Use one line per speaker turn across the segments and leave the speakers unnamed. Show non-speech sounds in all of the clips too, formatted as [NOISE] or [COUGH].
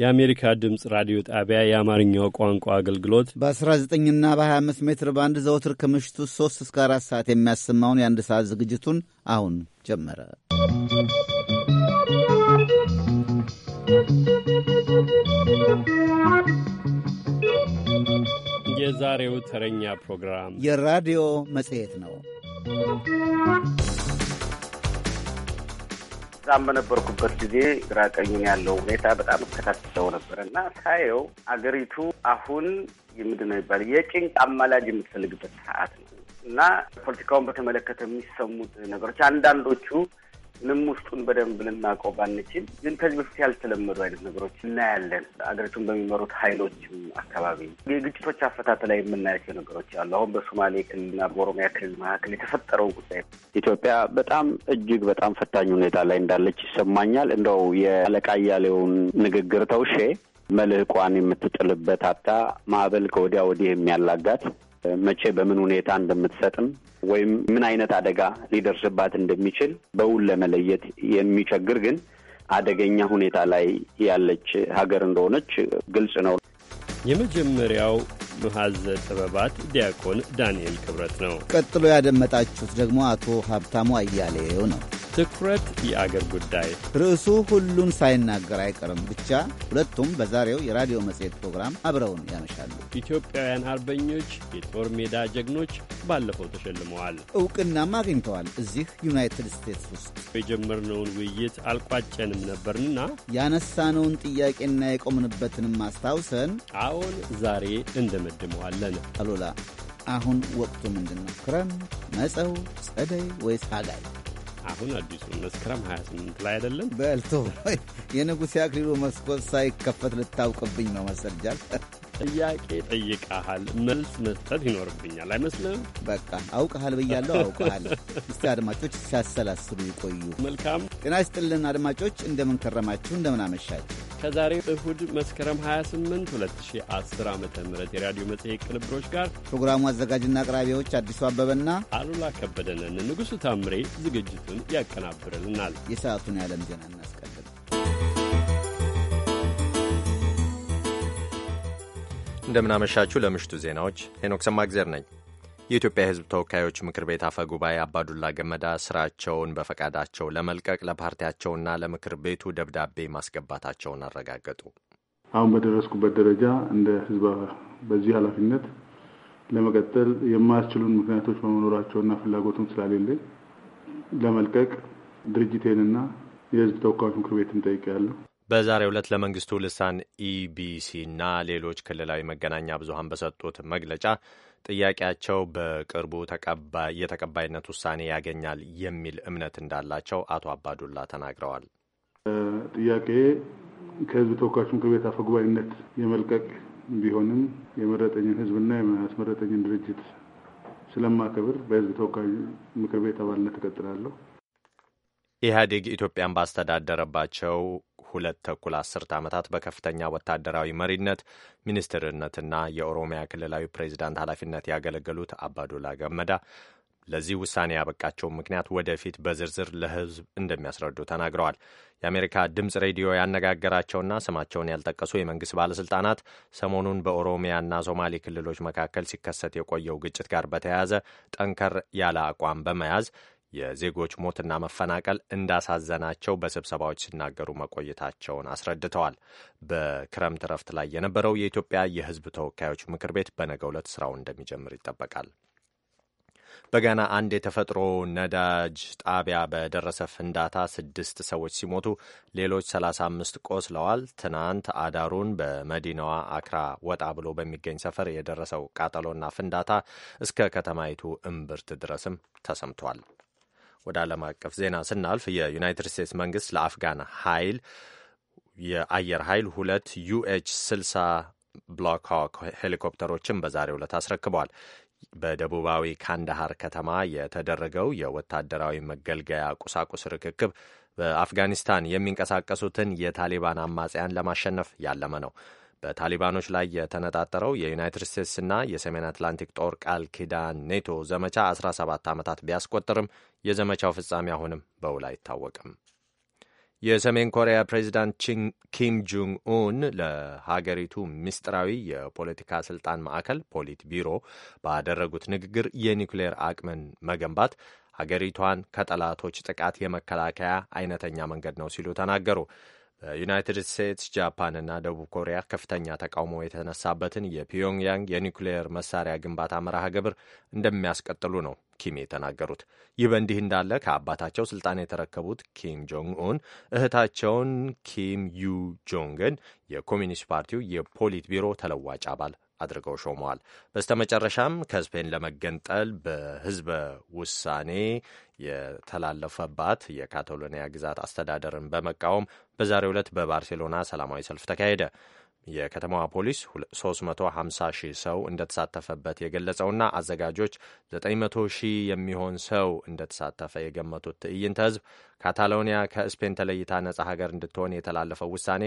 የአሜሪካ ድምፅ ራዲዮ ጣቢያ የአማርኛው ቋንቋ አገልግሎት በ19ና
በ25 ሜትር ባንድ ዘወትር ከምሽቱ 3 እስከ 4 ሰዓት የሚያሰማውን የአንድ ሰዓት ዝግጅቱን አሁን
ጀመረ። የዛሬው ተረኛ ፕሮግራም የራዲዮ መጽሔት ነው። በጣም በነበርኩበት ጊዜ ግራቀኙን ያለው ሁኔታ በጣም
እከታተለው ነበር እና ሳየው አገሪቱ አሁን የምንድን ነው የሚባለው የጭንቅ አማላጅ የምትፈልግበት ሰዓት ነው እና ፖለቲካውን በተመለከተ የሚሰሙት ነገሮች አንዳንዶቹ ምንም ውስጡን በደንብ ልናውቀው ባንችል፣ ግን ከዚህ በፊት ያልተለመዱ አይነት ነገሮች እናያለን። አገሪቱን በሚመሩት ኃይሎችም አካባቢ የግጭቶች አፈታት ላይ የምናያቸው ነገሮች አሉ። አሁን በሶማሌ ክልልና በኦሮሚያ ክልል መካከል የተፈጠረው ጉዳይ ኢትዮጵያ በጣም
እጅግ በጣም ፈታኝ ሁኔታ ላይ እንዳለች ይሰማኛል። እንደው የአለቃ እያሌውን ንግግር ተውሼ መልህቋን የምትጥልበት አታ ማዕበል ከወዲያ ወዲህ የሚያላጋት መቼ በምን ሁኔታ እንደምትሰጥም ወይም ምን አይነት አደጋ ሊደርስባት እንደሚችል በውል ለመለየት የሚቸግር ግን አደገኛ ሁኔታ ላይ ያለች ሀገር እንደሆነች ግልጽ ነው።
የመጀመሪያው ኑሐዘ ጥበባት ዲያቆን ዳንኤል ክብረት ነው።
ቀጥሎ ያደመጣችሁት ደግሞ አቶ ሀብታሙ አያሌው ነው።
ትኩረት የአገር ጉዳይ
ርዕሱ ሁሉን ሳይናገር አይቀርም። ብቻ ሁለቱም በዛሬው የራዲዮ መጽሔት ፕሮግራም አብረውን ያመሻሉ።
ኢትዮጵያውያን አርበኞች፣ የጦር ሜዳ ጀግኖች ባለፈው ተሸልመዋል፣
እውቅናም አግኝተዋል። እዚህ ዩናይትድ
ስቴትስ ውስጥ የጀመርነውን ውይይት አልቋጨንም ነበርንና ያነሳነውን
ጥያቄና የቆምንበትንም አስታውሰን
አዎን ዛሬ እንደመ እንደመድመዋለን። አሉላ
አሁን ወቅቱ ምንድን ነው? ክረም፣ መጸው፣ ጸደይ ወይስ ሀጋይ? አሁን አዲሱ መስከረም 28 ላይ አይደለም በልቶ የንጉሴ አክሊሉ መስኮት ሳይከፈት ልታውቅብኝ ነው መሰልጃል።
ጥያቄ ጠይቃሃል፣ መልስ መስጠት ይኖርብኛል አይመስልም? በቃ አውቀሃል ብያለሁ። አውቀሃል።
እስቲ አድማጮች ሲያሰላስሉ ይቆዩ። መልካም ጤና ይስጥልን አድማጮች፣ እንደምንከረማችሁ እንደምናመሻችሁ
ከዛሬው እሁድ መስከረም 28 2010 ዓ ም የራዲዮ መጽሔት ቅንብሮች ጋር
ፕሮግራሙ አዘጋጅና አቅራቢዎች አዲሱ አበበና
አሉላ ከበደንን ንጉሡ ታምሬ ዝግጅቱን ያቀናብርልናል። የሰዓቱን የዓለም ዜና እናስቀድም።
እንደምናመሻችሁ። ለምሽቱ ዜናዎች ሄኖክ ሰማግዜር ነኝ። የኢትዮጵያ የሕዝብ ተወካዮች ምክር ቤት አፈ ጉባኤ አባዱላ ገመዳ ስራቸውን በፈቃዳቸው ለመልቀቅ ለፓርቲያቸውና ለምክር ቤቱ ደብዳቤ ማስገባታቸውን አረጋገጡ።
አሁን በደረስኩበት ደረጃ እንደ ሕዝብ በዚህ ኃላፊነት ለመቀጠል የማያስችሉን ምክንያቶች በመኖራቸውና ፍላጎቱም ስላሌለኝ ለመልቀቅ ድርጅቴንና የሕዝብ ተወካዮች ምክር ቤትን ጠይቄያለሁ።
በዛሬው ዕለት ለመንግስቱ ልሳን ኢቢሲ እና ሌሎች ክልላዊ መገናኛ ብዙሀን በሰጡት መግለጫ ጥያቄያቸው በቅርቡ የተቀባይነት ውሳኔ ያገኛል የሚል እምነት እንዳላቸው አቶ አባዱላ ተናግረዋል።
ጥያቄ ከህዝብ ተወካዮች ምክር ቤት አፈጉባኤነት የመልቀቅ ቢሆንም የመረጠኝን ህዝብና ያስመረጠኝን ድርጅት ስለማከብር በህዝብ ተወካዮች ምክር ቤት አባልነት እቀጥላለሁ።
ኢህአዴግ ኢትዮጵያን ባስተዳደረባቸው ሁለት ተኩል አስርት ዓመታት በከፍተኛ ወታደራዊ መሪነት ሚኒስትርነትና የኦሮሚያ ክልላዊ ፕሬዚዳንት ኃላፊነት ያገለገሉት አባዱላ ገመዳ ለዚህ ውሳኔ ያበቃቸው ምክንያት ወደፊት በዝርዝር ለሕዝብ እንደሚያስረዱ ተናግረዋል። የአሜሪካ ድምፅ ሬዲዮ ያነጋገራቸውና ስማቸውን ያልጠቀሱ የመንግሥት ባለሥልጣናት ሰሞኑን በኦሮሚያና ሶማሌ ክልሎች መካከል ሲከሰት የቆየው ግጭት ጋር በተያያዘ ጠንከር ያለ አቋም በመያዝ የዜጎች ሞትና መፈናቀል እንዳሳዘናቸው በስብሰባዎች ሲናገሩ መቆየታቸውን አስረድተዋል። በክረምት ረፍት ላይ የነበረው የኢትዮጵያ የሕዝብ ተወካዮች ምክር ቤት በነገው ዕለት ስራውን እንደሚጀምር ይጠበቃል። በጋና አንድ የተፈጥሮ ነዳጅ ጣቢያ በደረሰ ፍንዳታ ስድስት ሰዎች ሲሞቱ ሌሎች 35 ቆስለዋል። ትናንት አዳሩን በመዲናዋ አክራ ወጣ ብሎ በሚገኝ ሰፈር የደረሰው ቃጠሎና ፍንዳታ እስከ ከተማይቱ እምብርት ድረስም ተሰምቷል። ወደ ዓለም አቀፍ ዜና ስናልፍ የዩናይትድ ስቴትስ መንግስት ለአፍጋን ኃይል የአየር ኃይል ሁለት ዩኤች 60 ብላክ ሃውክ ሄሊኮፕተሮችን በዛሬው ዕለት አስረክበዋል። በደቡባዊ ካንዳሃር ከተማ የተደረገው የወታደራዊ መገልገያ ቁሳቁስ ርክክብ በአፍጋኒስታን የሚንቀሳቀሱትን የታሊባን አማጽያን ለማሸነፍ ያለመ ነው። በታሊባኖች ላይ የተነጣጠረው የዩናይትድ ስቴትስና የሰሜን አትላንቲክ ጦር ቃል ኪዳን ኔቶ ዘመቻ 17 ዓመታት ቢያስቆጥርም የዘመቻው ፍጻሜ አሁንም በውል አይታወቅም። የሰሜን ኮሪያ ፕሬዚዳንት ኪም ጁንግ ኡን ለሀገሪቱ ምስጢራዊ የፖለቲካ ስልጣን ማዕከል ፖሊት ቢሮ ባደረጉት ንግግር የኒውክሌር አቅምን መገንባት ሀገሪቷን ከጠላቶች ጥቃት የመከላከያ አይነተኛ መንገድ ነው ሲሉ ተናገሩ። በዩናይትድ ስቴትስ፣ ጃፓንና ደቡብ ኮሪያ ከፍተኛ ተቃውሞ የተነሳበትን የፒዮንግያንግ የኒውክሌየር መሳሪያ ግንባታ መርሃ ግብር እንደሚያስቀጥሉ ነው ኪም የተናገሩት። ይህ በእንዲህ እንዳለ ከአባታቸው ስልጣን የተረከቡት ኪም ጆንግ ኡን እህታቸውን ኪም ዩ ጆንግን የኮሚኒስት ፓርቲው የፖሊት ቢሮ ተለዋጭ አባል አድርገው ሾመዋል። በስተመጨረሻም ከስፔን ለመገንጠል በህዝበ ውሳኔ የተላለፈባት የካታሎኒያ ግዛት አስተዳደርን በመቃወም በዛሬው ዕለት በባርሴሎና ሰላማዊ ሰልፍ ተካሄደ። የከተማዋ ፖሊስ 350 ሺህ ሰው እንደተሳተፈበት የገለጸውና አዘጋጆች 900 ሺህ የሚሆን ሰው እንደተሳተፈ የገመቱት ትዕይንተ ህዝብ ካታሎኒያ ከስፔን ተለይታ ነጻ ሀገር እንድትሆን የተላለፈው ውሳኔ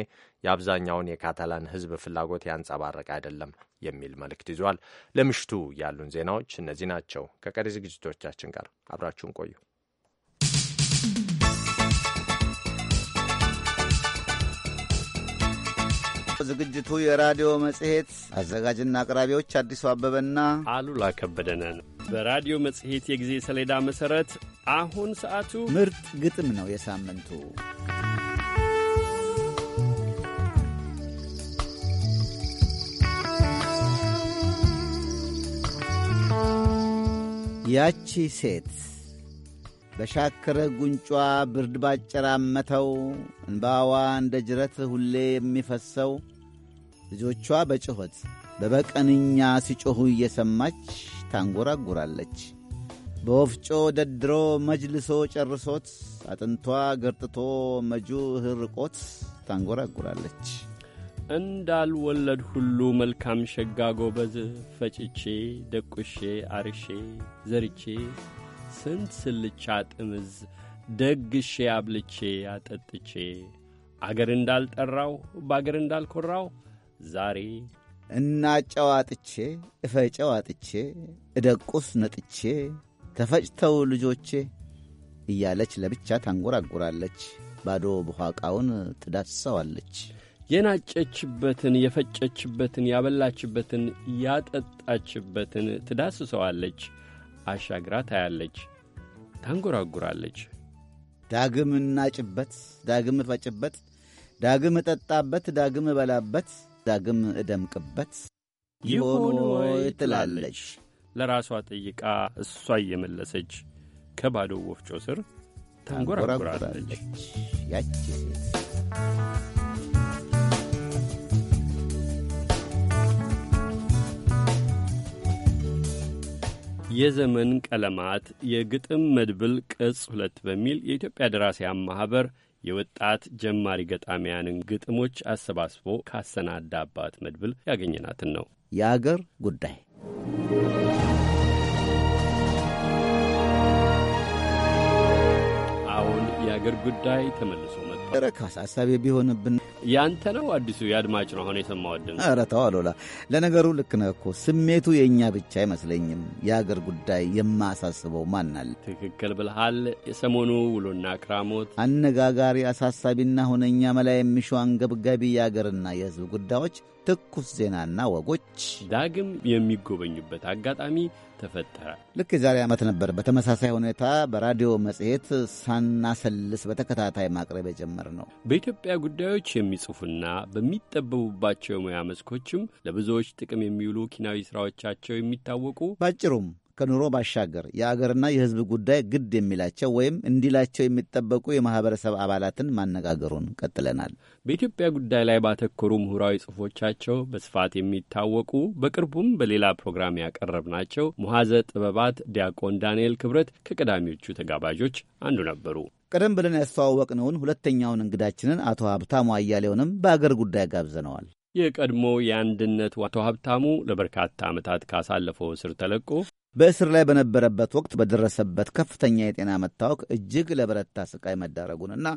የአብዛኛውን የካታላን ህዝብ ፍላጎት ያንጸባረቀ አይደለም የሚል መልእክት ይዟል። ለምሽቱ ያሉን ዜናዎች እነዚህ ናቸው። ከቀሪ ዝግጅቶቻችን ጋር አብራችሁን ቆዩ።
ዝግጅቱ የራዲዮ መጽሔት አዘጋጅና አቅራቢዎች አዲሱ አበበና
አሉላ ከበደነ በራዲዮ መጽሔት የጊዜ ሰሌዳ መሠረት አሁን ሰዓቱ ምርጥ ግጥም ነው። የሳምንቱ
ያቺ ሴት በሻክረ ጉንጯ ብርድ ባጨራመተው እንባዋ እንደ ጅረት ሁሌ የሚፈሰው ልጆቿ በጩኸት በበቀንኛ ሲጮኹ እየሰማች ታንጎራጉራለች። በወፍጮ ደድሮ መጅልሶ ጨርሶት አጥንቷ ገርጥቶ መጁ ህርቆት ታንጎራጉራለች።
እንዳልወለድ ሁሉ መልካም ሸጋ ጎበዝ ፈጭቼ ደቁሼ አርሼ ዘርቼ ስንት ስልቻ ጥምዝ ደግሼ አብልቼ አጠጥቼ አገር እንዳልጠራው በአገር እንዳልኮራው ዛሬ
እናጨዋጥቼ እፈጨዋጥቼ እደቁስ ነጥቼ ተፈጭተው ልጆቼ እያለች
ለብቻ ታንጎራጉራለች። ባዶ ብኋቃውን ትዳስሰዋለች። የናጨችበትን የፈጨችበትን ያበላችበትን ያጠጣችበትን ትዳስሰዋለች። አሻግራ ታያለች፣ ታንጎራጉራለች።
ዳግም እናጭበት፣ ዳግም እፈጭበት፣ ዳግም እጠጣበት፣ ዳግም እበላበት፣ ዳግም እደምቅበት ይሆን ወይ ትላለች
ለራሷ ጠይቃ እሷ እየመለሰች ከባዶ ወፍጮ ስር ታንጎራጉራለች ያቺ ሴት። የዘመን ቀለማት የግጥም መድብል ቅጽ ሁለት በሚል የኢትዮጵያ ደራሲያን ማኅበር የወጣት ጀማሪ ገጣሚያንን ግጥሞች አሰባስቦ ካሰናዳባት መድብል ያገኘናትን ነው።
የአገር ጉዳይ
አሁን የአገር ጉዳይ ተመልሶ ረካስ ሀሳቤ ቢሆንብን ያንተ ነው አዲሱ የአድማጭ ነው። አሁን የሰማው ድምፅ ኧረ
ተው አሉላ፣ ለነገሩ ልክ ነህ እኮ ስሜቱ የእኛ ብቻ አይመስለኝም። የአገር ጉዳይ የማያሳስበው ማናል?
ትክክል ብልሃል። የሰሞኑ ውሎና ክራሞት
አነጋጋሪ፣ አሳሳቢና ሁነኛ መላ የሚሹ አንገብጋቢ የአገርና የህዝብ ጉዳዮች ትኩስ ዜናና ወጎች
ዳግም የሚጎበኙበት አጋጣሚ ተፈጠረ።
ልክ የዛሬ ዓመት ነበር በተመሳሳይ ሁኔታ በራዲዮ መጽሔት ሳናሰልስ በተከታታይ ማቅረብ የጀመርነው።
በኢትዮጵያ ጉዳዮች የሚጽፉና በሚጠበቡባቸው ሙያ መስኮችም ለብዙዎች ጥቅም የሚውሉ ኪናዊ ሥራዎቻቸው የሚታወቁ
ባጭሩም ከኑሮ ባሻገር የአገርና የሕዝብ ጉዳይ ግድ የሚላቸው ወይም እንዲላቸው የሚጠበቁ የማህበረሰብ አባላትን ማነጋገሩን ቀጥለናል።
በኢትዮጵያ ጉዳይ ላይ ባተኮሩ ምሁራዊ ጽሁፎቻቸው በስፋት የሚታወቁ በቅርቡም በሌላ ፕሮግራም ያቀረብ ናቸው። ሙሐዘ ጥበባት ዲያቆን ዳንኤል ክብረት ከቀዳሚዎቹ ተጋባዦች አንዱ ነበሩ።
ቀደም ብለን ያስተዋወቅነውን ሁለተኛውን እንግዳችንን አቶ ሀብታሙ አያሌውንም በአገር ጉዳይ
ጋብዘነዋል። የቀድሞ የአንድነት አቶ ሀብታሙ ለበርካታ ዓመታት ካሳለፈው እስር ተለቆ
በእስር ላይ በነበረበት ወቅት በደረሰበት ከፍተኛ የጤና መታወክ እጅግ ለበረታ
ስቃይ መዳረጉንና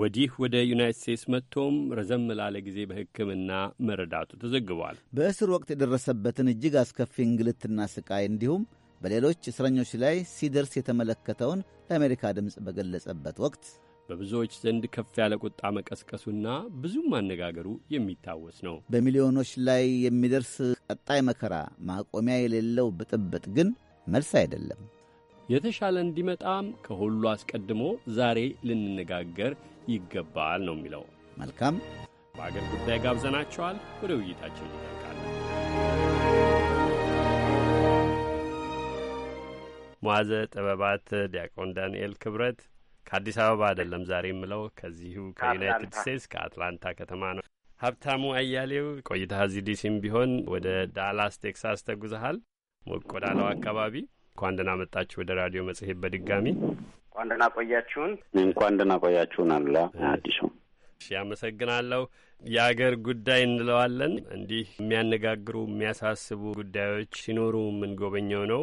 ወዲህ ወደ ዩናይት ስቴትስ መጥቶም ረዘም ላለ ጊዜ በሕክምና መረዳቱ ተዘግቧል።
በእስር ወቅት የደረሰበትን እጅግ አስከፊ እንግልትና ስቃይ እንዲሁም በሌሎች እስረኞች ላይ ሲደርስ የተመለከተውን ለአሜሪካ ድምፅ በገለጸበት
ወቅት በብዙዎች ዘንድ ከፍ ያለ ቁጣ መቀስቀሱና ብዙም ማነጋገሩ የሚታወስ ነው።
በሚሊዮኖች ላይ የሚደርስ ቀጣይ መከራ ማቆሚያ የሌለው ብጥብጥ ግን መልስ አይደለም።
የተሻለ እንዲመጣም ከሁሉ አስቀድሞ ዛሬ ልንነጋገር ይገባል ነው የሚለው። መልካም በአገር ጉዳይ ጋብዘናቸዋል። ወደ ውይይታቸው ይጠልቃል። ሟዘ ጥበባት ዲያቆን ዳንኤል ክብረት ከአዲስ አበባ አይደለም ዛሬ የምለው ከዚሁ ከዩናይትድ ስቴትስ ከአትላንታ ከተማ ነው። ሀብታሙ አያሌው ቆይታ እዚህ ዲሲም ቢሆን ወደ ዳላስ ቴክሳስ ተጉዘሃል። ሞቅ ወዳለው አካባቢ እንኳን ደህና መጣችሁ ወደ ራዲዮ መጽሔት በድጋሚ እንኳን ደህና ቆያችሁን።
እንኳን ደህና ቆያችሁን። አለ አዲሱ
አመሰግናለሁ። የአገር ጉዳይ እንለዋለን። እንዲህ የሚያነጋግሩ የሚያሳስቡ ጉዳዮች ሲኖሩ የምንጎበኘው ነው።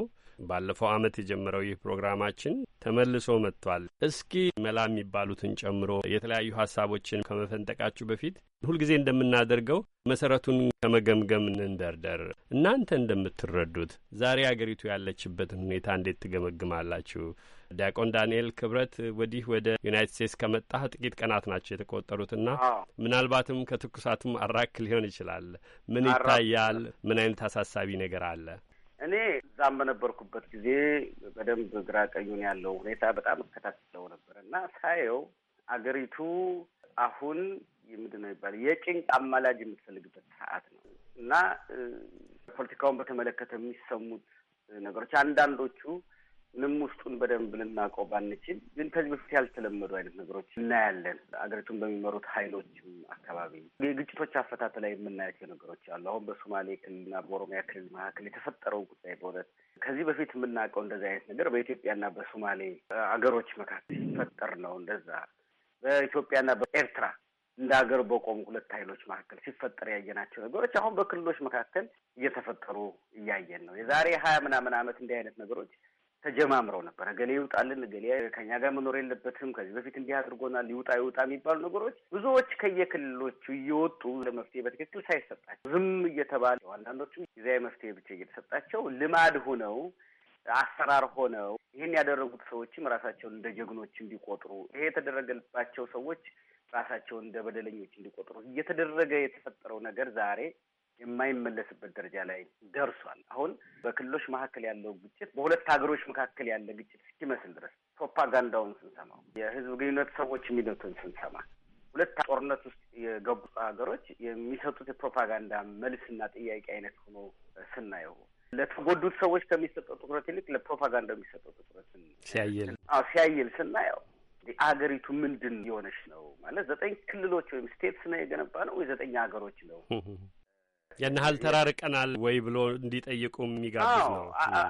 ባለፈው ዓመት የጀመረው ይህ ፕሮግራማችን ተመልሶ መጥቷል። እስኪ መላ የሚባሉትን ጨምሮ የተለያዩ ሀሳቦችን ከመፈንጠቃችሁ በፊት ሁልጊዜ እንደምናደርገው መሰረቱን ከመገምገም እንደርደር። እናንተ እንደምትረዱት ዛሬ አገሪቱ ያለችበትን ሁኔታ እንዴት ትገመግማላችሁ? ዲያቆን ዳንኤል ክብረት ወዲህ ወደ ዩናይትድ ስቴትስ ከመጣህ ጥቂት ቀናት ናቸው የተቆጠሩትና ምናልባትም ከትኩሳቱም አራክ ሊሆን ይችላል። ምን ይታያል? ምን አይነት አሳሳቢ ነገር አለ?
እኔ እዛም በነበርኩበት ጊዜ በደንብ ግራ ቀኙን ያለው ሁኔታ በጣም እከታተለው ነበር እና ሳየው አገሪቱ አሁን ምንድን ነው ይባል የጭንቅ አማላጅ የምትፈልግበት ሰዓት ነው እና ፖለቲካውን በተመለከተ የሚሰሙት ነገሮች አንዳንዶቹ ምንም ውስጡን በደንብ ልናውቀው ባንችል ግን ከዚህ በፊት ያልተለመዱ አይነት ነገሮች እናያለን። አገሪቱን በሚመሩት ኃይሎችም አካባቢ የግጭቶች አፈታት ላይ የምናያቸው ነገሮች አሉ። አሁን በሶማሌ ክልልና በኦሮሚያ ክልል መካከል የተፈጠረው ጉዳይ በእውነት ከዚህ በፊት የምናውቀው እንደዚህ አይነት ነገር በኢትዮጵያና በሶማሌ አገሮች መካከል ሲፈጠር ነው። እንደዛ በኢትዮጵያና በኤርትራ እንደ ሀገር በቆሙ ሁለት ኃይሎች መካከል ሲፈጠር ያየናቸው ነገሮች አሁን በክልሎች መካከል እየተፈጠሩ እያየን ነው። የዛሬ ሀያ ምናምን ዓመት እንዲህ አይነት ነገሮች ተጀማምረው ነበር። እገሌ ይውጣልን፣ እገሌ ከኛ ጋር መኖር የለበትም፣ ከዚህ በፊት እንዲህ አድርጎናል፣ ይውጣ ይውጣ የሚባሉ ነገሮች ብዙዎች ከየክልሎቹ እየወጡ ለመፍትሄ በትክክል ሳይሰጣቸው ዝም እየተባለ አንዳንዶቹ ጊዜያዊ መፍትሄ ብቻ እየተሰጣቸው ልማድ ሆነው አሰራር ሆነው ይህን ያደረጉት ሰዎችም ራሳቸውን እንደ ጀግኖች እንዲቆጥሩ ይሄ የተደረገባቸው ሰዎች ራሳቸውን እንደ በደለኞች እንዲቆጥሩ እየተደረገ የተፈጠረው ነገር ዛሬ የማይመለስበት ደረጃ ላይ ደርሷል። አሁን በክልሎች መካከል ያለው ግጭት በሁለት ሀገሮች መካከል ያለ ግጭት እስኪመስል ድረስ ፕሮፓጋንዳውን ስንሰማው፣ የህዝብ ግንኙነት ሰዎች የሚሉትን ስንሰማ ሁለት ጦርነት ውስጥ የገቡ ሀገሮች የሚሰጡት የፕሮፓጋንዳ መልስና ጥያቄ አይነት ሆኖ ስናየው ለተጎዱት ሰዎች ከሚሰጠው ትኩረት ይልቅ ለፕሮፓጋንዳው የሚሰጠው ትኩረት ሲያይል ሲያይል ስናየው አገሪቱ ምንድን የሆነች ነው ማለት ዘጠኝ ክልሎች ወይም ስቴትስ ነው የገነባ ነው ወይ ዘጠኝ ሀገሮች
ነው ያን ያህል ተራርቀናል ወይ ብሎ እንዲጠይቁ የሚጋብዝ ነው።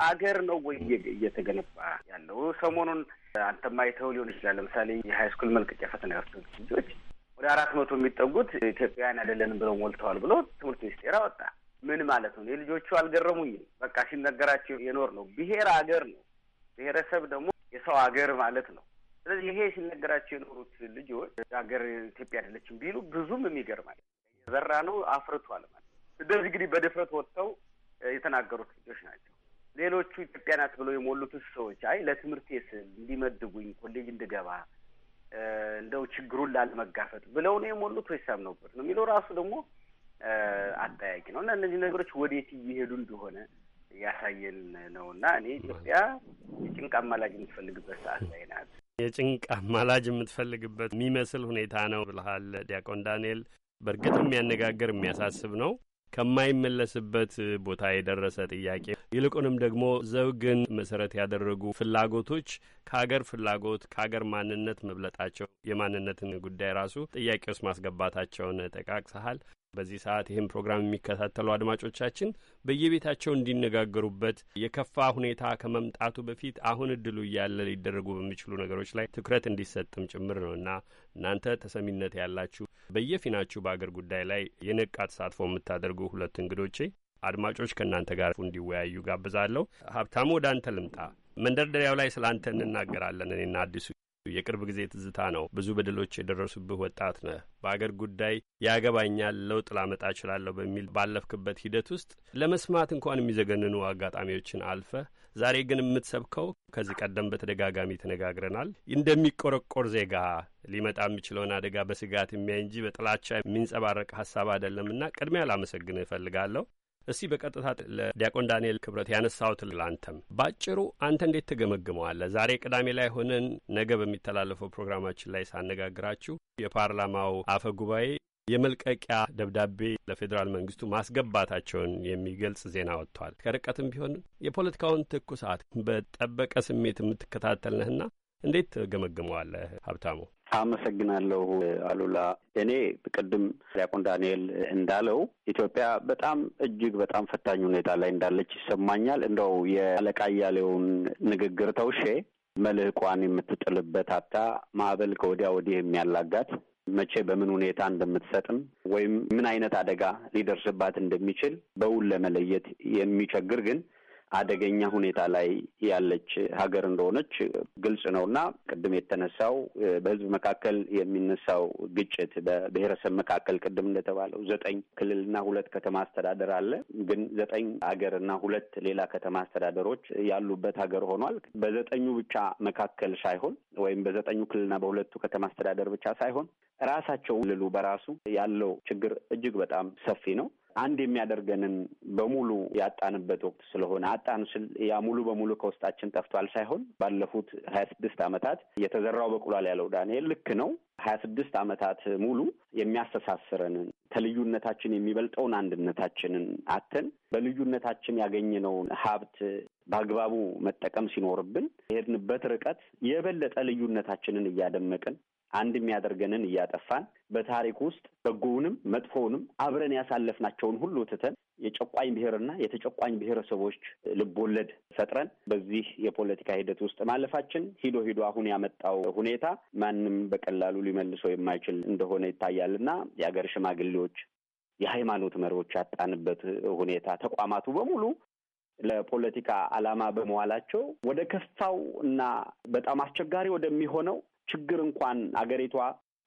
አገር ነው ወይ እየተገነባ ያለው? ሰሞኑን አንተም ሊሆን ይችላል። ለምሳሌ የሀይስኩል መልቀቂያ ፈተና የወሰዱት ልጆች ወደ አራት መቶ የሚጠጉት ኢትዮጵያውያን አይደለንም ብለው ሞልተዋል ብሎ ትምህርት ሚኒስቴር አወጣ። ምን ማለት ነው? የልጆቹ አልገረሙኝም። በቃ ሲነገራቸው የኖር ነው። ብሔር አገር ነው። ብሔረሰብ ደግሞ የሰው አገር ማለት ነው። ስለዚህ ይሄ ሲነገራቸው የኖሩት ልጆች ሀገር ኢትዮጵያ አይደለችም ቢሉ ብዙም የሚገርም አለ የዘራ ነው አፍርቷል ማለት እንደዚህ እንግዲህ በድፍረት ወጥተው የተናገሩት ልጆች ናቸው። ሌሎቹ ኢትዮጵያ ናት ብለው የሞሉት ሰዎች አይ ለትምህርቴ ስል እንዲመድቡኝ ኮሌጅ እንድገባ እንደው ችግሩን ላለመጋፈጥ ብለው ነው የሞሉት ወይስ አምነውበት ነው የሚለው ራሱ ደግሞ አጠያቂ ነው እና እነዚህ ነገሮች ወዴት እየሄዱ እንደሆነ ያሳየን ነው እና እኔ ኢትዮጵያ የጭንቅ አማላጅ የምትፈልግበት ሰዓት ላይ ናት።
የጭንቅ አማላጅ የምትፈልግበት የሚመስል ሁኔታ ነው ብልሃል ዲያቆን ዳንኤል። በእርግጥ የሚያነጋግር የሚያሳስብ ነው። ከማይመለስበት ቦታ የደረሰ ጥያቄ ይልቁንም ደግሞ ዘውግን መሰረት ያደረጉ ፍላጎቶች ከሀገር ፍላጎት ከሀገር ማንነት መብለጣቸው የማንነትን ጉዳይ ራሱ ጥያቄ ውስጥ ማስገባታቸውን ጠቃቅሰሃል። በዚህ ሰዓት ይህን ፕሮግራም የሚከታተሉ አድማጮቻችን በየቤታቸው እንዲነጋገሩበት የከፋ ሁኔታ ከመምጣቱ በፊት አሁን እድሉ እያለ ሊደረጉ በሚችሉ ነገሮች ላይ ትኩረት እንዲሰጥም ጭምር ነው እና እናንተ ተሰሚነት ያላችሁ በየፊናችሁ በአገር ጉዳይ ላይ የነቃ ተሳትፎ የምታደርጉ ሁለት እንግዶቼ አድማጮች ከእናንተ ጋር እንዲወያዩ ጋብዛለሁ። ሀብታሙ ወደ አንተ ልምጣ። መንደርደሪያው ላይ ስለ አንተ እንናገራለን እኔና አዲሱ የቅርብ ጊዜ ትዝታ ነው። ብዙ በደሎች የደረሱብህ ወጣት ነህ። በአገር ጉዳይ ያገባኛል፣ ለውጥ ላመጣ እችላለሁ በሚል ባለፍክበት ሂደት ውስጥ ለመስማት እንኳን የሚዘገንኑ አጋጣሚዎችን አልፈ ዛሬ ግን የምትሰብከው ከዚህ ቀደም በተደጋጋሚ ተነጋግረናል፣ እንደሚቆረቆር ዜጋ ሊመጣ የሚችለውን አደጋ በስጋት የሚያይ እንጂ በጥላቻ የሚንጸባረቅ ሀሳብ አይደለምና ቅድሚያ ላመሰግንህ እፈልጋለሁ። እስቲ በቀጥታ ለዲያቆን ዳንኤል ክብረት ያነሳሁት ላንተም ባጭሩ አንተ እንዴት ትገመግመዋለህ? ዛሬ ቅዳሜ ላይ ሆነን ነገ በሚተላለፈው ፕሮግራማችን ላይ ሳነጋግራችሁ የፓርላማው አፈ ጉባኤ የመልቀቂያ ደብዳቤ ለፌዴራል መንግስቱ ማስገባታቸውን የሚገልጽ ዜና ወጥቷል። ከርቀትም ቢሆን የፖለቲካውን ትኩሳት በጠበቀ ስሜት የምትከታተል ነህና እንዴት ትገመግመዋለህ ሀብታሙ?
አመሰግናለሁ አሉላ። እኔ ቅድም ዲያቆን ዳንኤል እንዳለው ኢትዮጵያ በጣም እጅግ በጣም ፈታኝ ሁኔታ ላይ እንዳለች ይሰማኛል። እንደው የአለቃ እያሌውን ንግግር ተውሼ መልህቋን የምትጥልበት አታ ማዕበል ከወዲያ ወዲህ የሚያላጋት መቼ በምን ሁኔታ እንደምትሰጥም ወይም ምን አይነት አደጋ ሊደርስባት እንደሚችል በውል ለመለየት የሚቸግር ግን አደገኛ ሁኔታ ላይ ያለች ሀገር እንደሆነች ግልጽ ነው እና ቅድም የተነሳው በህዝብ መካከል የሚነሳው ግጭት በብሔረሰብ መካከል ቅድም እንደተባለው ዘጠኝ ክልልና ሁለት ከተማ አስተዳደር አለ። ግን ዘጠኝ ሀገር እና ሁለት ሌላ ከተማ አስተዳደሮች ያሉበት ሀገር ሆኗል። በዘጠኙ ብቻ መካከል ሳይሆን ወይም በዘጠኙ ክልልና በሁለቱ ከተማ አስተዳደር ብቻ ሳይሆን ራሳቸው ክልሉ በራሱ ያለው ችግር እጅግ በጣም ሰፊ ነው። አንድ የሚያደርገንን በሙሉ ያጣንበት ወቅት ስለሆነ አጣን ስል ያ ሙሉ በሙሉ ከውስጣችን ጠፍቷል ሳይሆን ባለፉት ሀያ ስድስት አመታት የተዘራው በቁሏል ያለው ዳንኤል ልክ ነው። ሀያ ስድስት አመታት ሙሉ የሚያስተሳስረንን ከልዩነታችን የሚበልጠውን አንድነታችንን አተን በልዩነታችን ያገኘነውን ሀብት በአግባቡ መጠቀም ሲኖርብን የሄድንበት ርቀት የበለጠ ልዩነታችንን እያደመቅን አንድ የሚያደርገንን እያጠፋን በታሪክ ውስጥ በጎውንም መጥፎውንም አብረን ያሳለፍናቸውን ሁሉ ትተን የጨቋኝ ብሔርና የተጨቋኝ ብሔረሰቦች ልቦለድ ፈጥረን በዚህ የፖለቲካ ሂደት ውስጥ ማለፋችን ሂዶ ሂዶ አሁን ያመጣው ሁኔታ ማንም በቀላሉ ሊመልሰው የማይችል እንደሆነ ይታያልና የሀገር ሽማግሌዎች፣ የሃይማኖት መሪዎች ያጣንበት ሁኔታ ተቋማቱ በሙሉ ለፖለቲካ ዓላማ በመዋላቸው ወደ ከፋው እና በጣም አስቸጋሪ ወደሚሆነው ችግር እንኳን አገሪቷ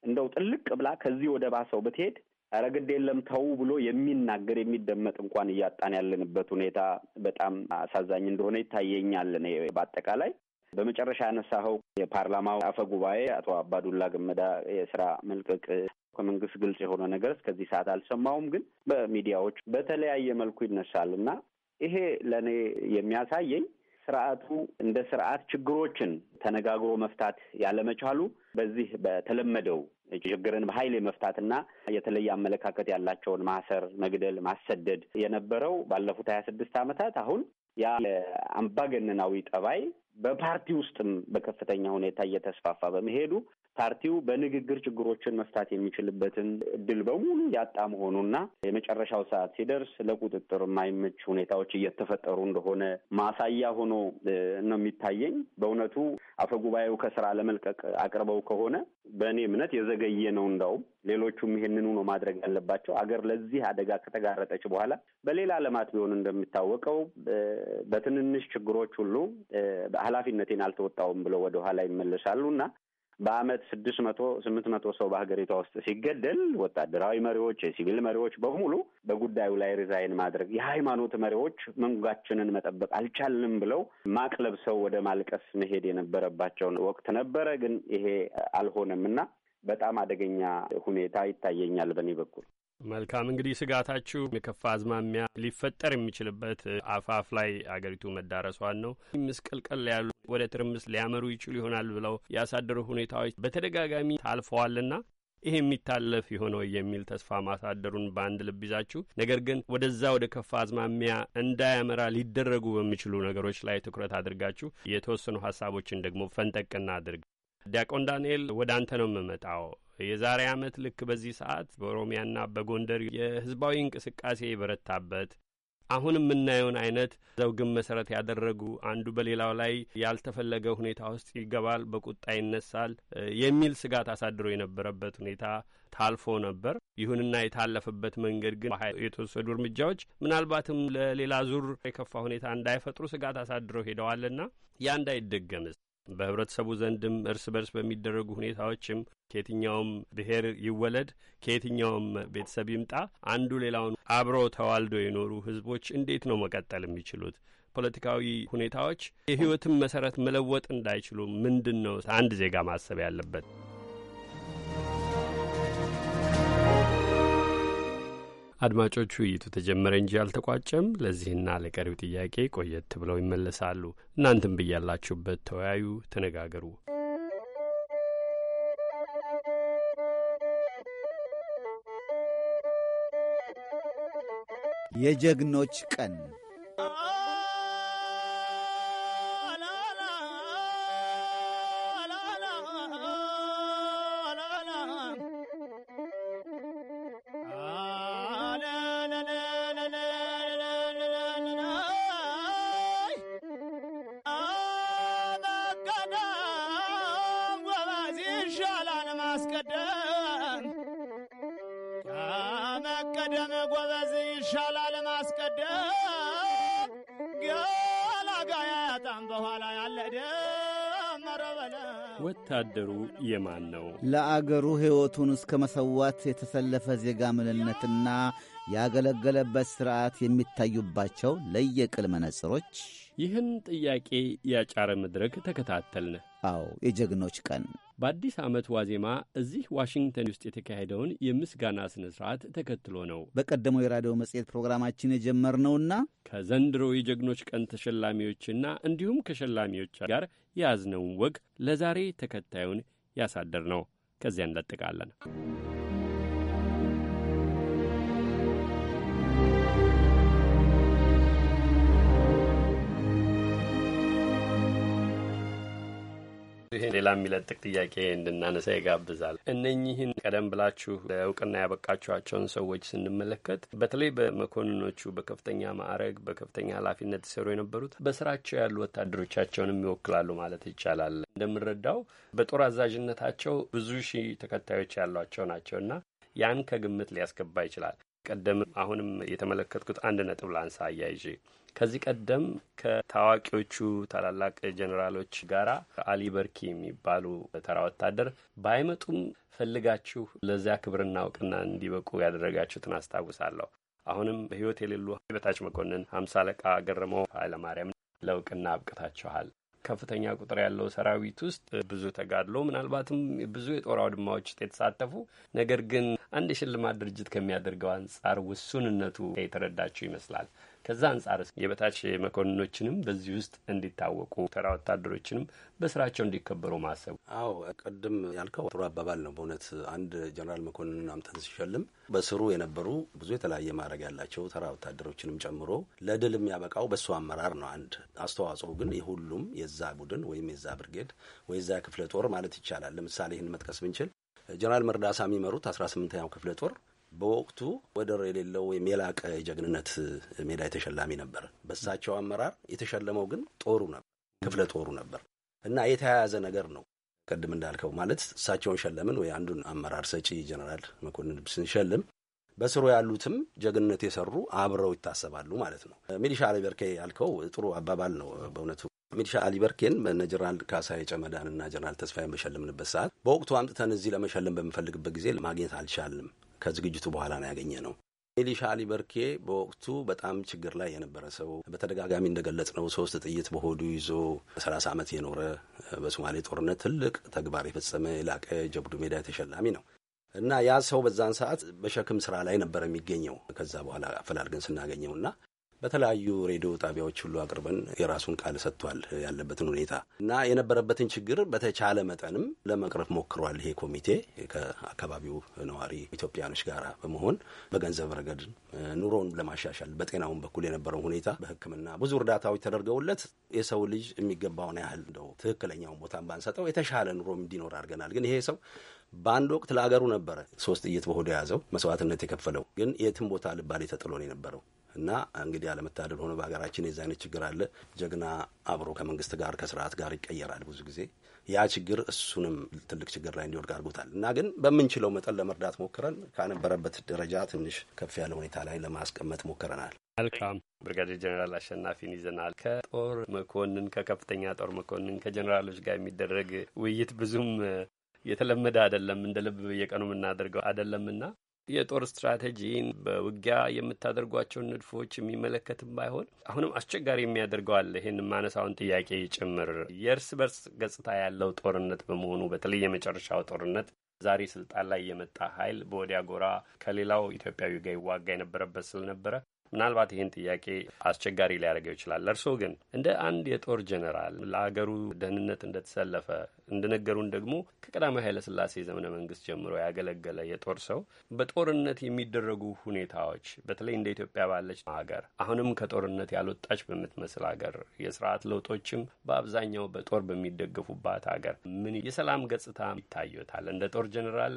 እንደው ጥልቅ ብላ ከዚህ ወደ ባሰው ብትሄድ ኧረ ግድ የለም ተው ብሎ የሚናገር የሚደመጥ እንኳን እያጣን ያለንበት ሁኔታ በጣም አሳዛኝ እንደሆነ ይታየኛል። በአጠቃላይ በመጨረሻ ያነሳኸው የፓርላማው አፈ ጉባኤ አቶ አባዱላ ገመዳ የስራ መልቀቅ ከመንግስት ግልጽ የሆነ ነገር እስከዚህ ሰዓት አልሰማውም፣ ግን በሚዲያዎች በተለያየ መልኩ ይነሳል እና ይሄ ለእኔ የሚያሳየኝ ስርዓቱ እንደ ስርዓት ችግሮችን ተነጋግሮ መፍታት ያለመቻሉ በዚህ በተለመደው ችግርን በኃይል የመፍታትና የተለየ አመለካከት ያላቸውን ማሰር፣ መግደል፣ ማሰደድ የነበረው ባለፉት ሀያ ስድስት ዓመታት አሁን ያ አምባገነናዊ ጠባይ በፓርቲ ውስጥም በከፍተኛ ሁኔታ እየተስፋፋ በመሄዱ ፓርቲው በንግግር ችግሮችን መፍታት የሚችልበትን እድል በሙሉ ያጣ መሆኑና የመጨረሻው ሰዓት ሲደርስ ለቁጥጥር የማይመች ሁኔታዎች እየተፈጠሩ እንደሆነ ማሳያ ሆኖ ነው የሚታየኝ። በእውነቱ አፈጉባኤው ከስራ ለመልቀቅ አቅርበው ከሆነ በእኔ እምነት የዘገየ ነው። እንዳውም ሌሎቹም ይህንኑ ነው ማድረግ ያለባቸው። አገር ለዚህ አደጋ ከተጋረጠች በኋላ በሌላ ልማት ቢሆን እንደሚታወቀው በትንንሽ ችግሮች ሁሉ ኃላፊነቴን አልተወጣውም ብለው ወደኋላ ይመለሳሉ እና በአመት ስድስት መቶ ስምንት መቶ ሰው በሀገሪቷ ውስጥ ሲገደል ወታደራዊ መሪዎች፣ የሲቪል መሪዎች በሙሉ በጉዳዩ ላይ ሪዛይን ማድረግ የሃይማኖት መሪዎች መንጋችንን መጠበቅ አልቻልንም ብለው ማቅለብ ሰው ወደ ማልቀስ መሄድ የነበረባቸውን ወቅት ነበረ። ግን ይሄ አልሆነም እና በጣም አደገኛ ሁኔታ ይታየኛል በእኔ በኩል።
መልካም እንግዲህ ስጋታችሁ የከፋ አዝማሚያ ሊፈጠር የሚችልበት አፋፍ ላይ አገሪቱ መዳረሷን ነው። ምስቅልቅል ያሉ ወደ ትርምስ ሊያመሩ ይችሉ ይሆናል ብለው ያሳደሩ ሁኔታዎች በተደጋጋሚ ታልፈዋልና ይህ የሚታለፍ የሆነው የሚል ተስፋ ማሳደሩን በአንድ ልብ ይዛችሁ፣ ነገር ግን ወደዛ ወደ ከፋ አዝማሚያ እንዳያመራ ሊደረጉ በሚችሉ ነገሮች ላይ ትኩረት አድርጋችሁ የተወሰኑ ሀሳቦችን ደግሞ ፈንጠቅና አድርግ። ዲያቆን ዳንኤል ወደ አንተ ነው የምመጣው። የዛሬ ዓመት ልክ በዚህ ሰዓት በኦሮሚያና በጎንደር የህዝባዊ እንቅስቃሴ የበረታበት አሁን የምናየውን አይነት ዘውግን መሰረት ያደረጉ አንዱ በሌላው ላይ ያልተፈለገ ሁኔታ ውስጥ ይገባል፣ በቁጣ ይነሳል የሚል ስጋት አሳድሮ የነበረበት ሁኔታ ታልፎ ነበር። ይሁንና የታለፈበት መንገድ ግን የተወሰዱ እርምጃዎች ምናልባትም ለሌላ ዙር የከፋ ሁኔታ እንዳይፈጥሩ ስጋት አሳድረው ሄደዋልና ያ እንዳይደገምስ በህብረተሰቡ ዘንድም እርስ በርስ በሚደረጉ ሁኔታዎችም ከየትኛውም ብሔር ይወለድ ከየትኛውም ቤተሰብ ይምጣ አንዱ ሌላውን አብሮ ተዋልዶ የኖሩ ህዝቦች እንዴት ነው መቀጠል የሚችሉት? ፖለቲካዊ ሁኔታዎች የህይወትን መሰረት መለወጥ እንዳይችሉ ምንድን ነው አንድ ዜጋ ማሰብ ያለበት? አድማጮች ውይይቱ ተጀመረ እንጂ አልተቋጨም። ለዚህና ለቀሪው ጥያቄ ቆየት ብለው ይመለሳሉ። እናንተም ብያላችሁበት ተወያዩ፣ ተነጋገሩ።
የጀግኖች ቀን
መቅደም
ጎበዝ ይሻላል ማስቀደም ገላጋ ያጣም በኋላ ያለ ደመረበለ
ወታደሩ የማን ነው?
ለአገሩ ሕይወቱን እስከ መሰዋት የተሰለፈ ዜጋ ምንነትና ያገለገለበት ሥርዓት የሚታዩባቸው ለየቅል መነጽሮች
ይህን ጥያቄ ያጫረ መድረክ ተከታተልን።
አዎ የጀግኖች ቀን
በአዲስ ዓመት ዋዜማ እዚህ ዋሽንግተን ውስጥ የተካሄደውን የምስጋና ሥነ ሥርዓት ተከትሎ ነው።
በቀደመው የራዲዮ መጽሔት ፕሮግራማችን የጀመርነውና
ከዘንድሮ የጀግኖች ቀን ተሸላሚዎችና እንዲሁም ከሸላሚዎች ጋር የያዝነውን ወግ ለዛሬ ተከታዩን ያሳደር ነው። ከዚያ እንለጥቃለን። ይሄ ሌላ የሚለጥቅ ጥያቄ እንድናነሳ ይጋብዛል። እነኚህን ቀደም ብላችሁ ለእውቅና ያበቃችኋቸውን ሰዎች ስንመለከት በተለይ በመኮንኖቹ በከፍተኛ ማዕረግ በከፍተኛ ኃላፊነት ሲሰሩ የነበሩት በስራቸው ያሉ ወታደሮቻቸውንም ይወክላሉ ማለት ይቻላል። እንደምንረዳው በጦር አዛዥነታቸው ብዙ ሺህ ተከታዮች ያሏቸው ናቸውና ያን ከግምት ሊያስገባ ይችላል። ቀደም አሁንም የተመለከትኩት አንድ ነጥብ ላንሳ አያይዤ ከዚህ ቀደም ከታዋቂዎቹ ታላላቅ ጀኔራሎች ጋር አሊ በርኪ የሚባሉ ተራ ወታደር ባይመጡም ፈልጋችሁ ለዚያ ክብርና እውቅና እንዲበቁ ያደረጋችሁትን አስታውሳለሁ። አሁንም በሕይወት የሌሉ የበታች መኮንን ሀምሳ አለቃ ገረመው ኃይለማርያም ለእውቅና አብቅታችኋል። ከፍተኛ ቁጥር ያለው ሰራዊት ውስጥ ብዙ ተጋድሎ ምናልባትም ብዙ የጦር አውድማዎች ውስጥ የተሳተፉ ነገር ግን አንድ የሽልማት ድርጅት ከሚያደርገው አንጻር ውሱንነቱ የተረዳችው ይመስላል። ከዛ አንጻር የበታች መኮንኖችንም በዚህ ውስጥ እንዲታወቁ ተራ ወታደሮችንም በስራቸው እንዲከበሩ ማሰብ።
አዎ ቅድም ያልከው ጥሩ አባባል ነው በእውነት አንድ ጀኔራል መኮንንን አምጥተን ሲሸልም በስሩ የነበሩ ብዙ የተለያየ ማድረግ ያላቸው ተራ ወታደሮችንም ጨምሮ ለድል የሚያበቃው በሱ አመራር ነው። አንድ አስተዋጽኦ ግን የሁሉም የዛ ቡድን ወይም የዛ ብርጌድ ወይ የዛ ክፍለ ጦር ማለት ይቻላል። ለምሳሌ ይህን መጥቀስ ብንችል ጀነራል መርዳሳ የሚመሩት አስራ ስምንተኛው ክፍለ ጦር በወቅቱ ወደር የሌለው ወይም የላቀ የጀግንነት ሜዳ የተሸላሚ ነበር። በሳቸው አመራር የተሸለመው ግን ጦሩ ነበር፣ ክፍለ ጦሩ ነበር እና የተያያዘ ነገር ነው። ቅድም እንዳልከው ማለት እሳቸውን ሸለምን ወይ አንዱን አመራር ሰጪ ጀነራል መኮንን ስንሸልም በስሩ ያሉትም ጀግንነት የሰሩ አብረው ይታሰባሉ ማለት ነው። ሚሊሻ አሊበርኬ ያልከው ጥሩ አባባል ነው በእውነቱ። ሚሊሻ አሊበርኬን እነ ጀነራል የጨመዳን እና ጀነራል ተስፋ በሸለምንበት ሰዓት በወቅቱ አምጥተን እዚህ ለመሸለም በምፈልግበት ጊዜ ማግኘት አልቻልንም። ከዝግጅቱ በኋላ ነው ያገኘ ነው። ኤሊሻ አሊበርኬ በወቅቱ በጣም ችግር ላይ የነበረ ሰው በተደጋጋሚ እንደገለጽ ነው ሶስት ጥይት በሆዱ ይዞ ሰላሳ ዓመት የኖረ በሶማሌ ጦርነት ትልቅ ተግባር የፈጸመ የላቀ ጀብዱ ሜዳ ተሸላሚ ነው እና ያ ሰው በዛን ሰዓት በሸክም ስራ ላይ ነበር የሚገኘው። ከዛ በኋላ አፈላልገን ስናገኘው እና በተለያዩ ሬዲዮ ጣቢያዎች ሁሉ አቅርበን የራሱን ቃል ሰጥቷል ያለበትን ሁኔታ እና የነበረበትን ችግር በተቻለ መጠንም ለመቅረፍ ሞክሯል። ይሄ ኮሚቴ ከአካባቢው ነዋሪ ኢትዮጵያኖች ጋር በመሆን በገንዘብ ረገድ ኑሮን ለማሻሻል በጤናውን በኩል የነበረው ሁኔታ በሕክምና ብዙ እርዳታዎች ተደርገውለት የሰው ልጅ የሚገባውን ያህል እንደው ትክክለኛውን ቦታ ባንሰጠው የተሻለ ኑሮ እንዲኖር አድርገናል። ግን ይሄ ሰው በአንድ ወቅት ለአገሩ ነበረ ሶስት ጥይት በሆዱ የያዘው መስዋዕትነት የከፈለው ግን የትም ቦታ ልባሌ ተጥሎ ነው የነበረው እና እንግዲህ አለመታደል ሆኖ በሀገራችን የዚ አይነት ችግር አለ። ጀግና አብሮ ከመንግስት ጋር ከስርዓት ጋር ይቀየራል ብዙ ጊዜ ያ ችግር እሱንም ትልቅ ችግር ላይ እንዲወድቅ አድርጎታል። እና ግን በምንችለው መጠን ለመርዳት ሞክረን ካነበረበት ደረጃ ትንሽ ከፍ ያለ ሁኔታ ላይ ለማስቀመጥ ሞክረናል።
መልካም ብርጋዴር ጀኔራል አሸናፊን ይዘናል። ከጦር መኮንን ከከፍተኛ ጦር መኮንን ከጀኔራሎች ጋር የሚደረግ ውይይት ብዙም የተለመደ አይደለም፣ እንደ ልብ በየቀኑ የምናደርገው አይደለምና የጦር ስትራቴጂን በውጊያ የምታደርጓቸውን ንድፎች የሚመለከትም ባይሆን አሁንም አስቸጋሪ የሚያደርገዋል ይህን ማነሳውን ጥያቄ ጭምር የእርስ በርስ ገጽታ ያለው ጦርነት በመሆኑ በተለይ የመጨረሻው ጦርነት ዛሬ ስልጣን ላይ የመጣ ኃይል በወዲያ ጎራ ከሌላው ኢትዮጵያዊ ጋር ይዋጋ የነበረበት ስለነበረ ምናልባት ይህን ጥያቄ አስቸጋሪ ሊያደርገው ይችላል። እርስዎ ግን እንደ አንድ የጦር ጀኔራል ለአገሩ ደህንነት እንደተሰለፈ እንደነገሩን ደግሞ ከቀዳማዊ ኃይለስላሴ ዘመነ መንግስት ጀምሮ ያገለገለ የጦር ሰው በጦርነት የሚደረጉ ሁኔታዎች በተለይ እንደ ኢትዮጵያ ባለች ሀገር አሁንም ከጦርነት ያልወጣች በምትመስል ሀገር የስርዓት ለውጦችም በአብዛኛው በጦር በሚደገፉባት ሀገር ምን የሰላም ገጽታ ይታዩታል? እንደ ጦር ጀኔራል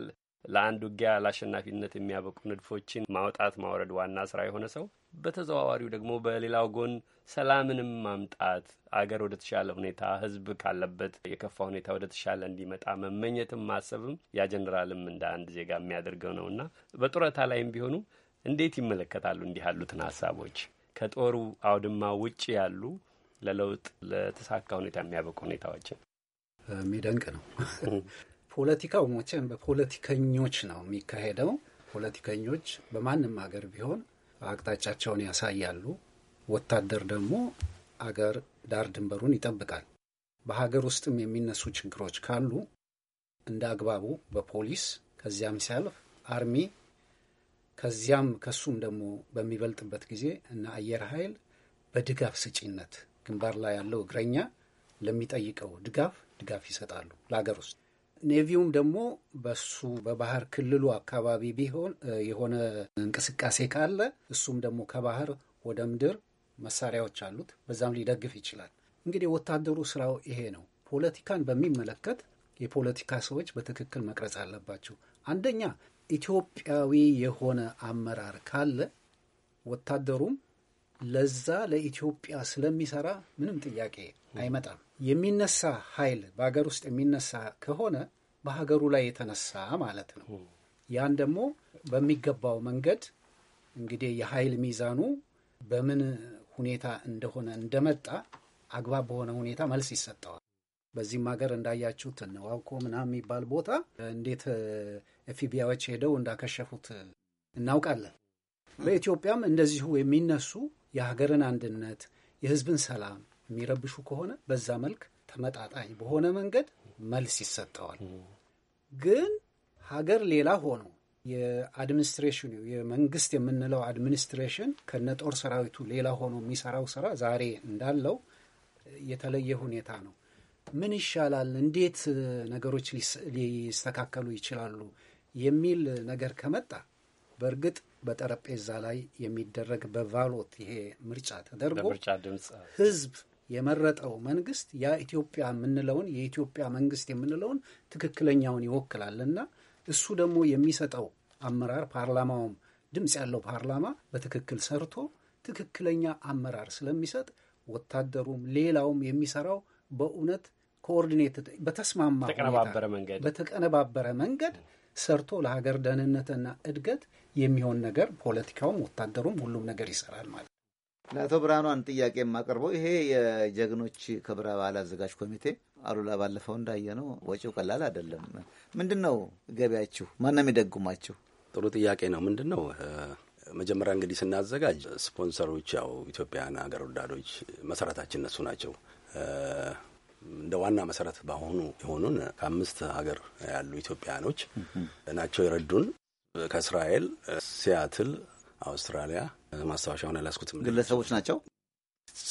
ለአንድ ውጊያ ለአሸናፊነት የሚያበቁ ንድፎችን ማውጣት ማውረድ ዋና ስራ የሆነ ሰው በተዘዋዋሪው ደግሞ በሌላው ጎን ሰላምንም ማምጣት አገር ወደ ተሻለ ሁኔታ ህዝብ ካለበት የከፋ ሁኔታ ወደ ተሻለ እንዲመጣ መመኘትም ማሰብም ያ ጀኔራልም እንደ አንድ ዜጋ የሚያደርገው ነውና በጡረታ ላይም ቢሆኑ እንዴት ይመለከታሉ እንዲህ ያሉትን ሀሳቦች ከጦሩ አውድማ ውጭ ያሉ ለለውጥ ለተሳካ ሁኔታ የሚያበቁ ሁኔታዎችን?
የሚደንቅ ነው። [LAUGHS] ፖለቲካው መቼም በፖለቲከኞች ነው የሚካሄደው። ፖለቲከኞች በማንም ሀገር ቢሆን አቅጣጫቸውን ያሳያሉ። ወታደር ደግሞ አገር ዳር ድንበሩን ይጠብቃል። በሀገር ውስጥም የሚነሱ ችግሮች ካሉ እንደ አግባቡ በፖሊስ ከዚያም ሲያልፍ አርሚ ከዚያም ከሱም ደግሞ በሚበልጥበት ጊዜ እና አየር ኃይል በድጋፍ ሰጪነት ግንባር ላይ ያለው እግረኛ ለሚጠይቀው ድጋፍ ድጋፍ ይሰጣሉ ለሀገር ውስጥ ኔቪውም ደግሞ በሱ በባህር ክልሉ አካባቢ ቢሆን የሆነ እንቅስቃሴ ካለ እሱም ደግሞ ከባህር ወደ ምድር መሳሪያዎች አሉት፣ በዛም ሊደግፍ ይችላል። እንግዲህ ወታደሩ ስራው ይሄ ነው። ፖለቲካን በሚመለከት የፖለቲካ ሰዎች በትክክል መቅረጽ አለባቸው። አንደኛ ኢትዮጵያዊ የሆነ አመራር ካለ ወታደሩም ለዛ ለኢትዮጵያ ስለሚሰራ ምንም ጥያቄ አይመጣም። የሚነሳ ኃይል በሀገር ውስጥ የሚነሳ ከሆነ በሀገሩ ላይ የተነሳ ማለት ነው። ያን ደግሞ በሚገባው መንገድ እንግዲህ የኃይል ሚዛኑ በምን ሁኔታ እንደሆነ እንደመጣ አግባብ በሆነ ሁኔታ መልስ ይሰጠዋል። በዚህም ሀገር እንዳያችሁት ዋውኮ ምናም የሚባል ቦታ እንዴት ፊቢያዎች ሄደው እንዳከሸፉት እናውቃለን። በኢትዮጵያም እንደዚሁ የሚነሱ የሀገርን አንድነት፣ የህዝብን ሰላም የሚረብሹ ከሆነ በዛ መልክ ተመጣጣኝ በሆነ መንገድ መልስ ይሰጠዋል። ግን ሀገር ሌላ ሆኖ የአድሚኒስትሬሽን የመንግስት የምንለው አድሚኒስትሬሽን ከነ ጦር ሰራዊቱ ሌላ ሆኖ የሚሰራው ስራ ዛሬ እንዳለው የተለየ ሁኔታ ነው። ምን ይሻላል፣ እንዴት ነገሮች ሊስተካከሉ ይችላሉ የሚል ነገር ከመጣ በእርግጥ በጠረጴዛ ላይ የሚደረግ በቫሎት ይሄ ምርጫ ተደርጎ ህዝብ የመረጠው መንግስት ያ ኢትዮጵያ የምንለውን የኢትዮጵያ መንግስት የምንለውን ትክክለኛውን ይወክላልና እሱ ደግሞ የሚሰጠው አመራር ፓርላማውም ድምፅ ያለው ፓርላማ በትክክል ሰርቶ ትክክለኛ አመራር ስለሚሰጥ ወታደሩም ሌላውም የሚሰራው በእውነት ኮኦርዲኔት በተስማማ በተቀነባበረ መንገድ ሰርቶ ለሀገር ደህንነትና እድገት የሚሆን ነገር ፖለቲካውም ወታደሩም ሁሉም ነገር ይሰራል ማለት ነው።
ለአቶ ብርሃኑ አንድ ጥያቄ የማቀርበው ይሄ የጀግኖች ክብረ በዓል አዘጋጅ ኮሚቴ አሉላ፣ ባለፈው እንዳየ ነው ወጪው ቀላል አይደለም። ምንድን ነው
ገቢያችሁ? ማነው የሚደጉማችሁ? ጥሩ ጥያቄ ነው። ምንድን ነው መጀመሪያ እንግዲህ ስናዘጋጅ ስፖንሰሮች ያው ኢትዮጵያን ሀገር ወዳዶች መሰረታችን እነሱ ናቸው። እንደ ዋና መሰረት በአሁኑ የሆኑን ከአምስት ሀገር ያሉ ኢትዮጵያኖች ናቸው የረዱን ከእስራኤል ሲያትል አውስትራሊያ ሆነ አላስኩትም። ግለሰቦች ናቸው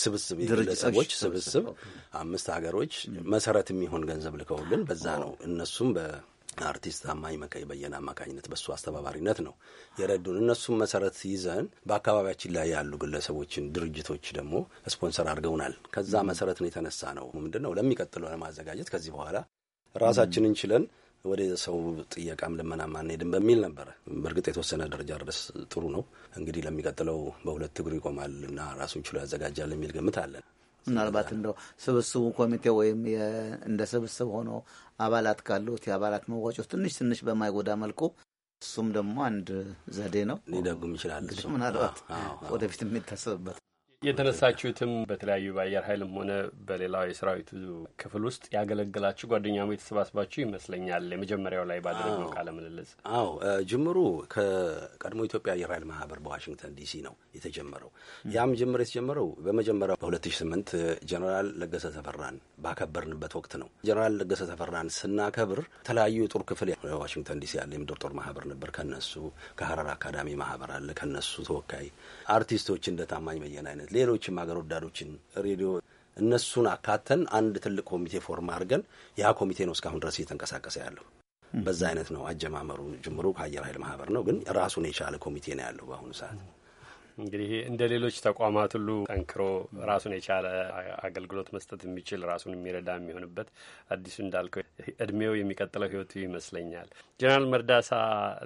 ስብስብ ግለሰቦች ስብስብ አምስት ሀገሮች መሰረት የሚሆን ገንዘብ ልከውልን በዛ ነው። እነሱም በአርቲስት አማኝ መካ በየነ አማካኝነት በሱ አስተባባሪነት ነው የረዱን። እነሱም መሰረት ይዘን በአካባቢያችን ላይ ያሉ ግለሰቦችን፣ ድርጅቶች ደግሞ ስፖንሰር አድርገውናል። ከዛ መሰረት ነው የተነሳ ነው ምንድን ነው ለሚቀጥለው ለማዘጋጀት ከዚህ በኋላ ራሳችንን ችለን ወደ ሰው ጥየቃም ልመናም አንሄድም በሚል ነበረ። በእርግጥ የተወሰነ ደረጃ ድረስ ጥሩ ነው። እንግዲህ ለሚቀጥለው በሁለት እግሩ ይቆማል እና ራሱን ችሎ ያዘጋጃል የሚል ግምት አለን። ምናልባት እንደው
ስብስቡ ኮሚቴ ወይም እንደ ስብስብ ሆኖ አባላት ካሉት የአባላት መዋጮ ትንሽ ትንሽ በማይጎዳ መልኩ እሱም ደግሞ አንድ ዘዴ ነው ሊደጉም ይችላል። ምናልባት
ወደፊት የሚታሰብበት የተነሳችሁትም በተለያዩ በአየር ኃይልም ሆነ በሌላው የሰራዊቱ ክፍል ውስጥ ያገለግላችሁ ጓደኛሞ የተሰባስባችሁ ይመስለኛል። የመጀመሪያው ላይ ባደረግነው ቃለ ምልልስ።
አዎ ጅምሩ ከቀድሞ ኢትዮጵያ አየር ኃይል ማህበር በዋሽንግተን ዲሲ ነው የተጀመረው። ያም ጅምር የተጀመረው በመጀመሪያው በ2008 ጀነራል ለገሰ ተፈራን ባከበርንበት ወቅት ነው። ጀነራል ለገሰ ተፈራን ስናከብር የተለያዩ የጦር ክፍል ዋሽንግተን ዲሲ ያለ የምድር ጦር ማህበር ነበር። ከነሱ ከሀረር አካዳሚ ማህበር አለ። ከነሱ ተወካይ አርቲስቶች እንደ ታማኝ በየነ አይነት ሌሎችም ሀገር ወዳዶችን ሬዲዮ እነሱን አካተን አንድ ትልቅ ኮሚቴ ፎርም አድርገን ያ ኮሚቴ ነው እስካሁን ድረስ እየተንቀሳቀሰ ያለው። በዛ አይነት ነው አጀማመሩ። ጅምሩ ከአየር ኃይል ማህበር ነው፣ ግን ራሱን የቻለ ኮሚቴ ነው ያለው በአሁኑ ሰዓት።
እንግዲህ እንደ ሌሎች ተቋማት ሁሉ ጠንክሮ ራሱን የቻለ አገልግሎት መስጠት የሚችል ራሱን የሚረዳ የሚሆንበት አዲሱ እንዳልከው እድሜው የሚቀጥለው ህይወቱ ይመስለኛል። ጀነራል መርዳሳ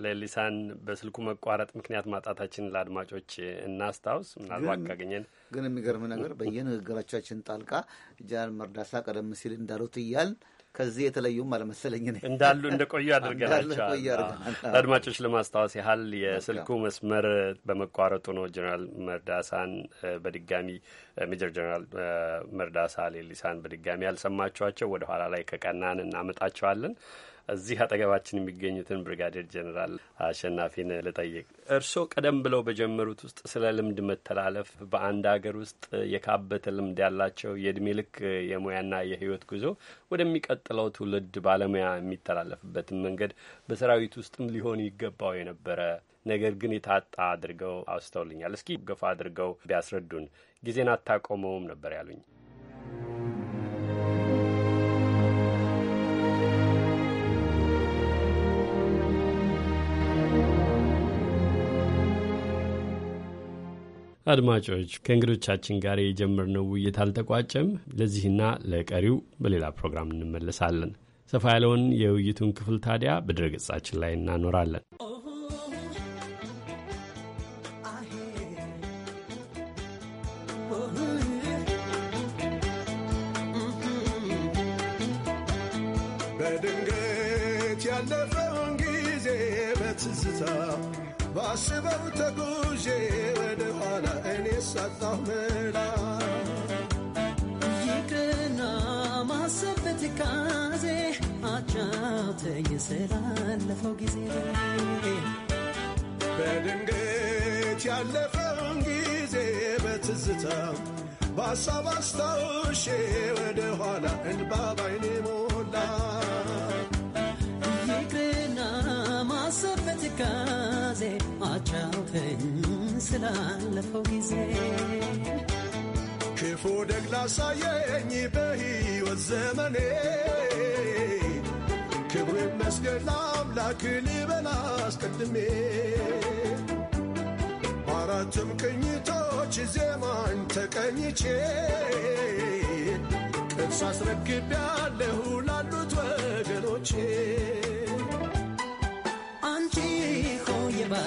ሌሊሳን በስልኩ መቋረጥ ምክንያት ማጣታችንን ለአድማጮች እናስታውስ። ምናልባት ካገኘን ግን የሚገርም ነገር
በየንግግራቻችን ጣልቃ ጀነራል መርዳሳ ቀደም ሲል እንዳሉት እያልን ከዚህ የተለዩም አለመሰለኝ እንዳሉ እንደ ቆዩ አድርገናቸዋል።
አድማጮች ለማስታወስ ያህል የስልኩ መስመር በመቋረጡ ነው ጀኔራል መርዳሳን በድጋሚ ሜጀር ጀኔራል መርዳሳ ሌሊሳን በድጋሚ ያልሰማችኋቸው። ወደ ኋላ ላይ ከቀናን እናመጣቸዋለን። እዚህ አጠገባችን የሚገኙትን ብሪጋዴር ጀኔራል አሸናፊን ልጠይቅ። እርስዎ ቀደም ብለው በጀመሩት ውስጥ ስለ ልምድ መተላለፍ በአንድ ሀገር ውስጥ የካበተ ልምድ ያላቸው የእድሜ ልክ የሙያና የህይወት ጉዞ ወደሚቀጥለው ትውልድ ባለሙያ የሚተላለፍበትን መንገድ በሰራዊት ውስጥም ሊሆን ይገባው የነበረ ነገር ግን የታጣ አድርገው አውስተውልኛል። እስኪ ገፋ አድርገው ቢያስረዱን። ጊዜን አታቆመውም ነበር ያሉኝ። አድማጮች ከእንግዶቻችን ጋር የጀመርነው ውይይት አልተቋጨም። ለዚህና ለቀሪው በሌላ ፕሮግራም እንመለሳለን። ሰፋ ያለውን የውይይቱን ክፍል ታዲያ በድረገጻችን ላይ እናኖራለን።
በድንገት ያለፈውን ጊዜ በትዝታ ባስበው ተጉዤ ወደ ኋላ እኔ ሳጣሁ ምላ ይቅርና ማሰብ በትካዜ አጫውተኝ ስላለፈው ጊዜ በድንገት ያለፈውን ጊዜ በትዝታ በሀሳብ አስታውሼ ወደ ኋላ እንባ ባይኔ ሞላ ይቅርና ማሰብ በትካ ስላለፈው ጊዜ ክፉ ደግ ላሳየኝ በሕይወት ዘመኔ ክብሩ ይመስገን ለአምላክ ልበል አስቀድሜ በአራቱም ቅኝቶች ዜማን ተቀኝቼ ቅርስ አስረክቤያለሁ ላሉት ወገኖቼ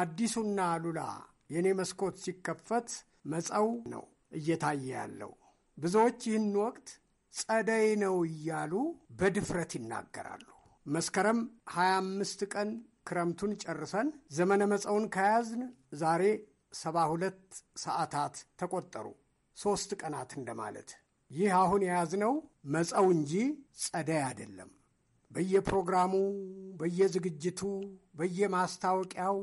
አዲሱና ሉላ የእኔ መስኮት ሲከፈት መጸው ነው እየታየ ያለው። ብዙዎች ይህን ወቅት ጸደይ ነው እያሉ በድፍረት ይናገራሉ። መስከረም 25 ቀን ክረምቱን ጨርሰን ዘመነ መጸውን ከያዝን ዛሬ 72 ሰዓታት ተቆጠሩ። ሦስት ቀናት እንደማለት። ይህ አሁን የያዝነው መጸው እንጂ ጸደይ አይደለም። በየፕሮግራሙ፣ በየዝግጅቱ፣ በየማስታወቂያው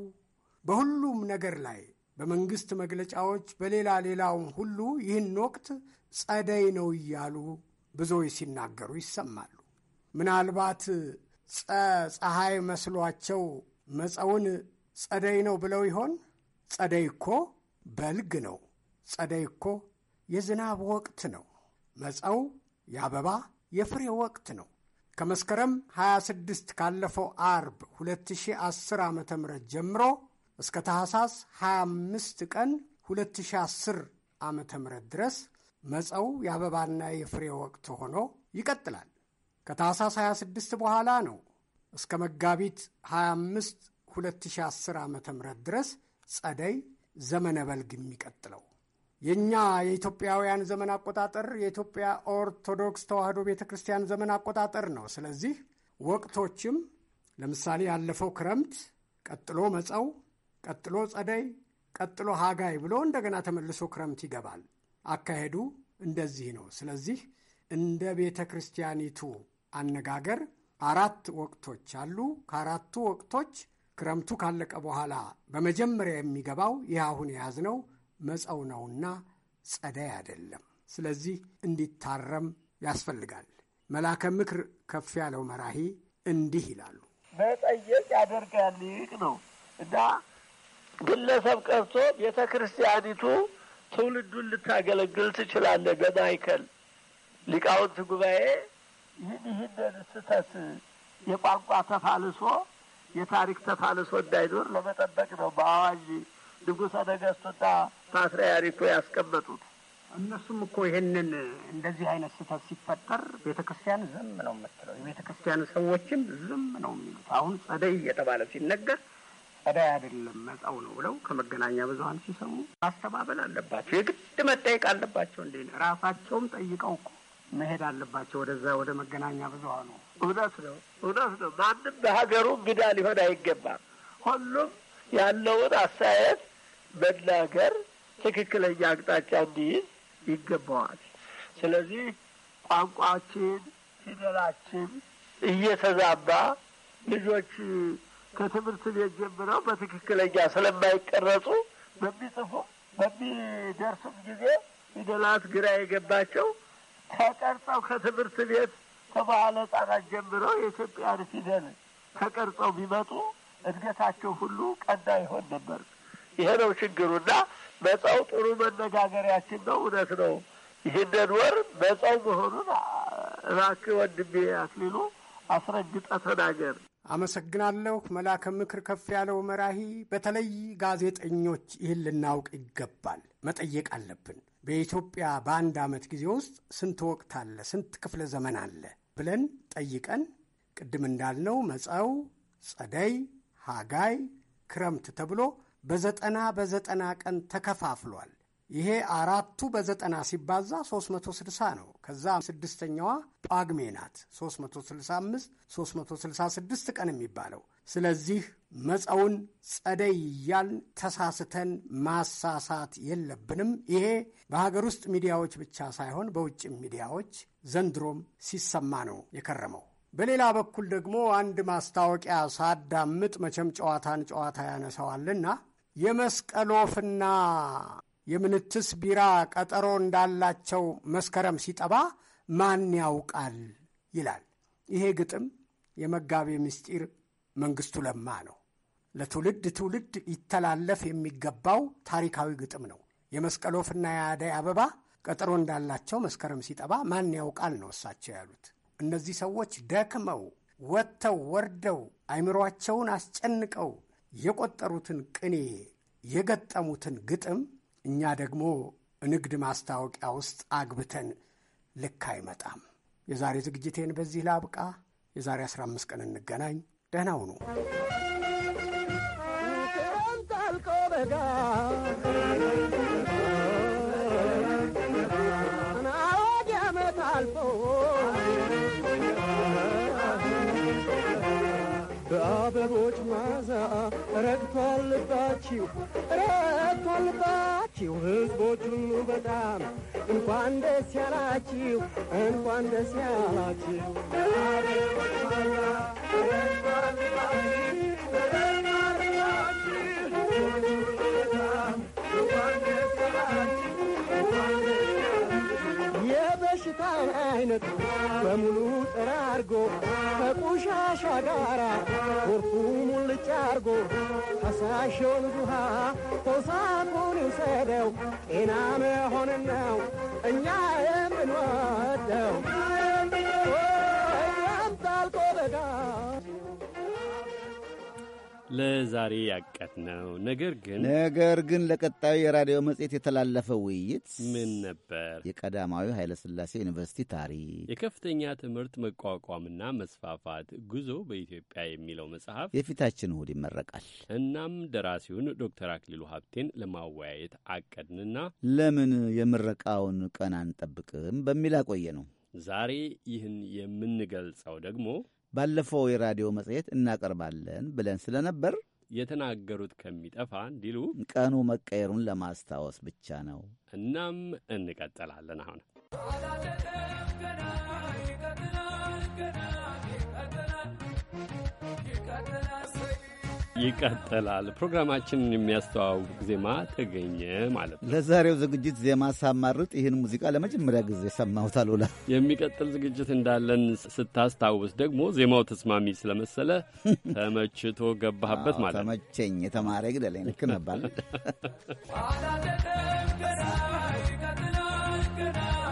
በሁሉም ነገር ላይ በመንግስት መግለጫዎች፣ በሌላ ሌላውም ሁሉ ይህን ወቅት ጸደይ ነው እያሉ ብዙዎች ሲናገሩ ይሰማሉ። ምናልባት ፀሐይ መስሏቸው መፀውን ጸደይ ነው ብለው ይሆን? ጸደይ እኮ በልግ ነው። ጸደይ እኮ የዝናብ ወቅት ነው። መፀው የአበባ የፍሬ ወቅት ነው። ከመስከረም 26 ካለፈው አርብ 2010 ዓ ም ጀምሮ እስከ ታህሳስ 25 ቀን 2010 ዓ ም ድረስ መጸው የአበባና የፍሬ ወቅት ሆኖ ይቀጥላል። ከታህሳስ 26 በኋላ ነው እስከ መጋቢት 25 2010 ዓ ም ድረስ ጸደይ ዘመነ በልግ የሚቀጥለው። የእኛ የኢትዮጵያውያን ዘመን አቆጣጠር የኢትዮጵያ ኦርቶዶክስ ተዋሕዶ ቤተ ክርስቲያን ዘመን አቆጣጠር ነው። ስለዚህ ወቅቶችም ለምሳሌ ያለፈው ክረምት፣ ቀጥሎ መጸው፣ ቀጥሎ ጸደይ፣ ቀጥሎ ሀጋይ ብሎ እንደገና ተመልሶ ክረምት ይገባል። አካሄዱ እንደዚህ ነው። ስለዚህ እንደ ቤተ ክርስቲያኒቱ አነጋገር አራት ወቅቶች አሉ። ከአራቱ ወቅቶች ክረምቱ ካለቀ በኋላ በመጀመሪያ የሚገባው ይህ አሁን የያዝነው መጸው ነውና ጸደይ አይደለም። ስለዚህ እንዲታረም ያስፈልጋል። መላከ ምክር ከፍ ያለው መራሂ እንዲህ ይላሉ።
መጠየቅ ያደርጋል ይህ ነው እና ግለሰብ ቀርቶ ቤተ ክርስቲያኒቱ ትውልዱን ልታገለግል ትችላለህ። በማይከል ሊቃውንት ጉባኤ ይህን ይህንን ስህተት የቋንቋ ተፋልሶ የታሪክ ተፋልሶ እንዳይኖር ለመጠበቅ ነው በአዋጅ ንጉሠ ነገሥቱና ፓትርያርኩ ያስቀመጡት።
እነሱም እኮ ይህንን እንደዚህ አይነት ስህተት ሲፈጠር ቤተ ክርስቲያን ዝም ነው የምትለው። የቤተ ክርስቲያን ሰዎችም ዝም ነው
የሚሉት። አሁን ጸደይ እየተባለ ሲነገር
ጸባይ አይደለም መጻው ነው ብለው ከመገናኛ ብዙሀን ሲሰሙ ማስተባበል አለባቸው። የግድ
መጠየቅ አለባቸው። እንዴ ራሳቸውም ጠይቀው እኮ መሄድ አለባቸው ወደዛ ወደ መገናኛ ብዙሀኑ። እውነት ነው፣ እውነት ነው። ማንም በሀገሩ ግዳ ሊሆን አይገባም። ሁሉም ያለውን አስተያየት መናገር ትክክለኛ አቅጣጫ እንዲይዝ ይገባዋል። ስለዚህ ቋንቋችን፣ ፊደላችን እየተዛባ ልጆች ከትምህርት ቤት ጀምረው በትክክለኛ ስለማይቀረጹ በሚጽፉም በሚደርሱም ጊዜ ፊደላት ግራ የገባቸው ተቀርጸው ከትምህርት ቤት ከመዋዕለ ሕጻናት ጀምረው የኢትዮጵያን ፊደል ተቀርጸው ቢመጡ እድገታቸው ሁሉ ቀና ይሆን ነበር። ይሄ ነው ችግሩና መጻው ጥሩ መነጋገሪያችን ነው። እውነት ነው። ይህንን ወር መጻው መሆኑን እባክህ ወንድሜ አክሊሉ አስረግጠ ተናገር። አመሰግናለሁ። መልአከ ምክር ከፍ ያለው
መራሂ፣ በተለይ ጋዜጠኞች ይህን ልናውቅ ይገባል፣ መጠየቅ አለብን። በኢትዮጵያ በአንድ ዓመት ጊዜ ውስጥ ስንት ወቅት አለ፣ ስንት ክፍለ ዘመን አለ ብለን ጠይቀን ቅድም እንዳልነው መጸው፣ ጸደይ፣ ሀጋይ ክረምት ተብሎ በዘጠና በዘጠና ቀን ተከፋፍሏል። ይሄ አራቱ በዘጠና ሲባዛ 360 ነው። ከዛ ስድስተኛዋ ጳግሜ ናት 365 366 ቀን የሚባለው ስለዚህ መፀውን ጸደይ እያል ተሳስተን ማሳሳት የለብንም። ይሄ በሀገር ውስጥ ሚዲያዎች ብቻ ሳይሆን በውጭ ሚዲያዎች ዘንድሮም ሲሰማ ነው የከረመው። በሌላ በኩል ደግሞ አንድ ማስታወቂያ ሳዳምጥ መቼም ጨዋታን ጨዋታ ያነሳዋልና የመስቀል ወፍና የምንትስ ቢራ ቀጠሮ እንዳላቸው መስከረም ሲጠባ ማን ያውቃል ይላል። ይሄ ግጥም የመጋቤ ምስጢር መንግስቱ ለማ ነው። ለትውልድ ትውልድ ይተላለፍ የሚገባው ታሪካዊ ግጥም ነው። የመስቀል ወፍና የአደይ አበባ ቀጠሮ እንዳላቸው መስከረም ሲጠባ ማን ያውቃል ነው እሳቸው ያሉት። እነዚህ ሰዎች ደክመው ወጥተው ወርደው አይምሯቸውን አስጨንቀው የቆጠሩትን ቅኔ የገጠሙትን ግጥም እኛ ደግሞ ንግድ ማስታወቂያ ውስጥ አግብተን ልክ አይመጣም። የዛሬ ዝግጅቴን በዚህ ላብቃ። የዛሬ 15 ቀን እንገናኝ። ደህና ሁኑ።
ረግቶልባችሁ ረግቷልባችሁ ህዝቦች ሁሉ በጣም እንኳን ደስ ያላችሁ እንኳን ደስ ያላችሁ። የበሽታን አይነት በሙሉ ጠራርጎ ከቁሻሻ ጋራ ጎርፉ ሙልጭ አርጎ ፈሳሹን ውሃ ሆሳሙን ይውሰደው፣ ጤና መሆንን ነው እኛ የምንወደው። ያምጣልቆ በጋ
ለዛሬ ነው። ነገር ግን ነገር
ግን ለቀጣዩ የራዲዮ መጽሔት የተላለፈ ውይይት ምን ነበር? የቀዳማዊ ኃይለሥላሴ ዩኒቨርሲቲ ታሪክ፣
የከፍተኛ ትምህርት መቋቋምና መስፋፋት ጉዞ በኢትዮጵያ የሚለው መጽሐፍ
የፊታችን እሁድ ይመረቃል።
እናም ደራሲውን ዶክተር አክሊሉ ሀብቴን ለማወያየት አቀድንና
ለምን የምረቃውን ቀን አንጠብቅም በሚል አቆየ ነው።
ዛሬ ይህን የምንገልጸው ደግሞ
ባለፈው የራዲዮ መጽሔት እናቀርባለን ብለን ስለነበር
የተናገሩት ከሚጠፋ እንዲሉ
ቀኑ መቀየሩን ለማስታወስ ብቻ ነው።
እናም እንቀጥላለን አሁን ይቀጥላል። ፕሮግራማችንን የሚያስተዋውቅ ዜማ ተገኘ ማለት ነው። ለዛሬው ዝግጅት ዜማ
ሳማርጥ ይህን ሙዚቃ ለመጀመሪያ ጊዜ ሰማሁት። አሉላ
የሚቀጥል ዝግጅት እንዳለን ስታስታውስ ደግሞ ዜማው ተስማሚ ስለመሰለ [LAUGHS] ተመችቶ ገባህበት ማለት ነው። ተመቸኝ
የተማረ ግደለኝ ልክ ነባል [LAUGHS]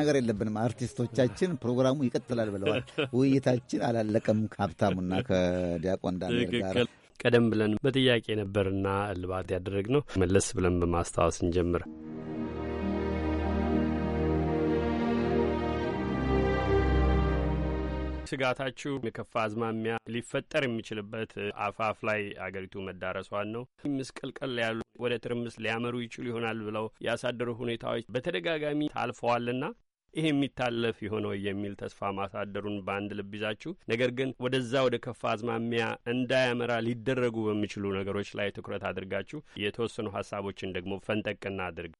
ነገር የለብንም። አርቲስቶቻችን ፕሮግራሙ ይቀጥላል ብለዋል። [LAUGHS] ውይይታችን አላለቀም። ከሀብታሙና ከዲያቆን
ዳንኤል ጋር ቀደም ብለን በጥያቄ ነበርና እልባት ያደረግነው መለስ ብለን በማስታወስ እንጀምር። ስጋታችሁ የከፋ አዝማሚያ ሊፈጠር የሚችልበት አፋፍ ላይ አገሪቱ መዳረሷን ነው። ምስቅልቅል ያሉ ወደ ትርምስ ሊያመሩ ይችሉ ይሆናል ብለው ያሳደሩ ሁኔታዎች በተደጋጋሚ ታልፈዋልና ይህ የሚታለፍ የሆነው የሚል ተስፋ ማሳደሩን በአንድ ልብ ይዛችሁ፣ ነገር ግን ወደዛ ወደ ከፋ አዝማሚያ እንዳያመራ ሊደረጉ በሚችሉ ነገሮች ላይ ትኩረት አድርጋችሁ የተወሰኑ ሀሳቦችን ደግሞ ፈንጠቅና አድርግ።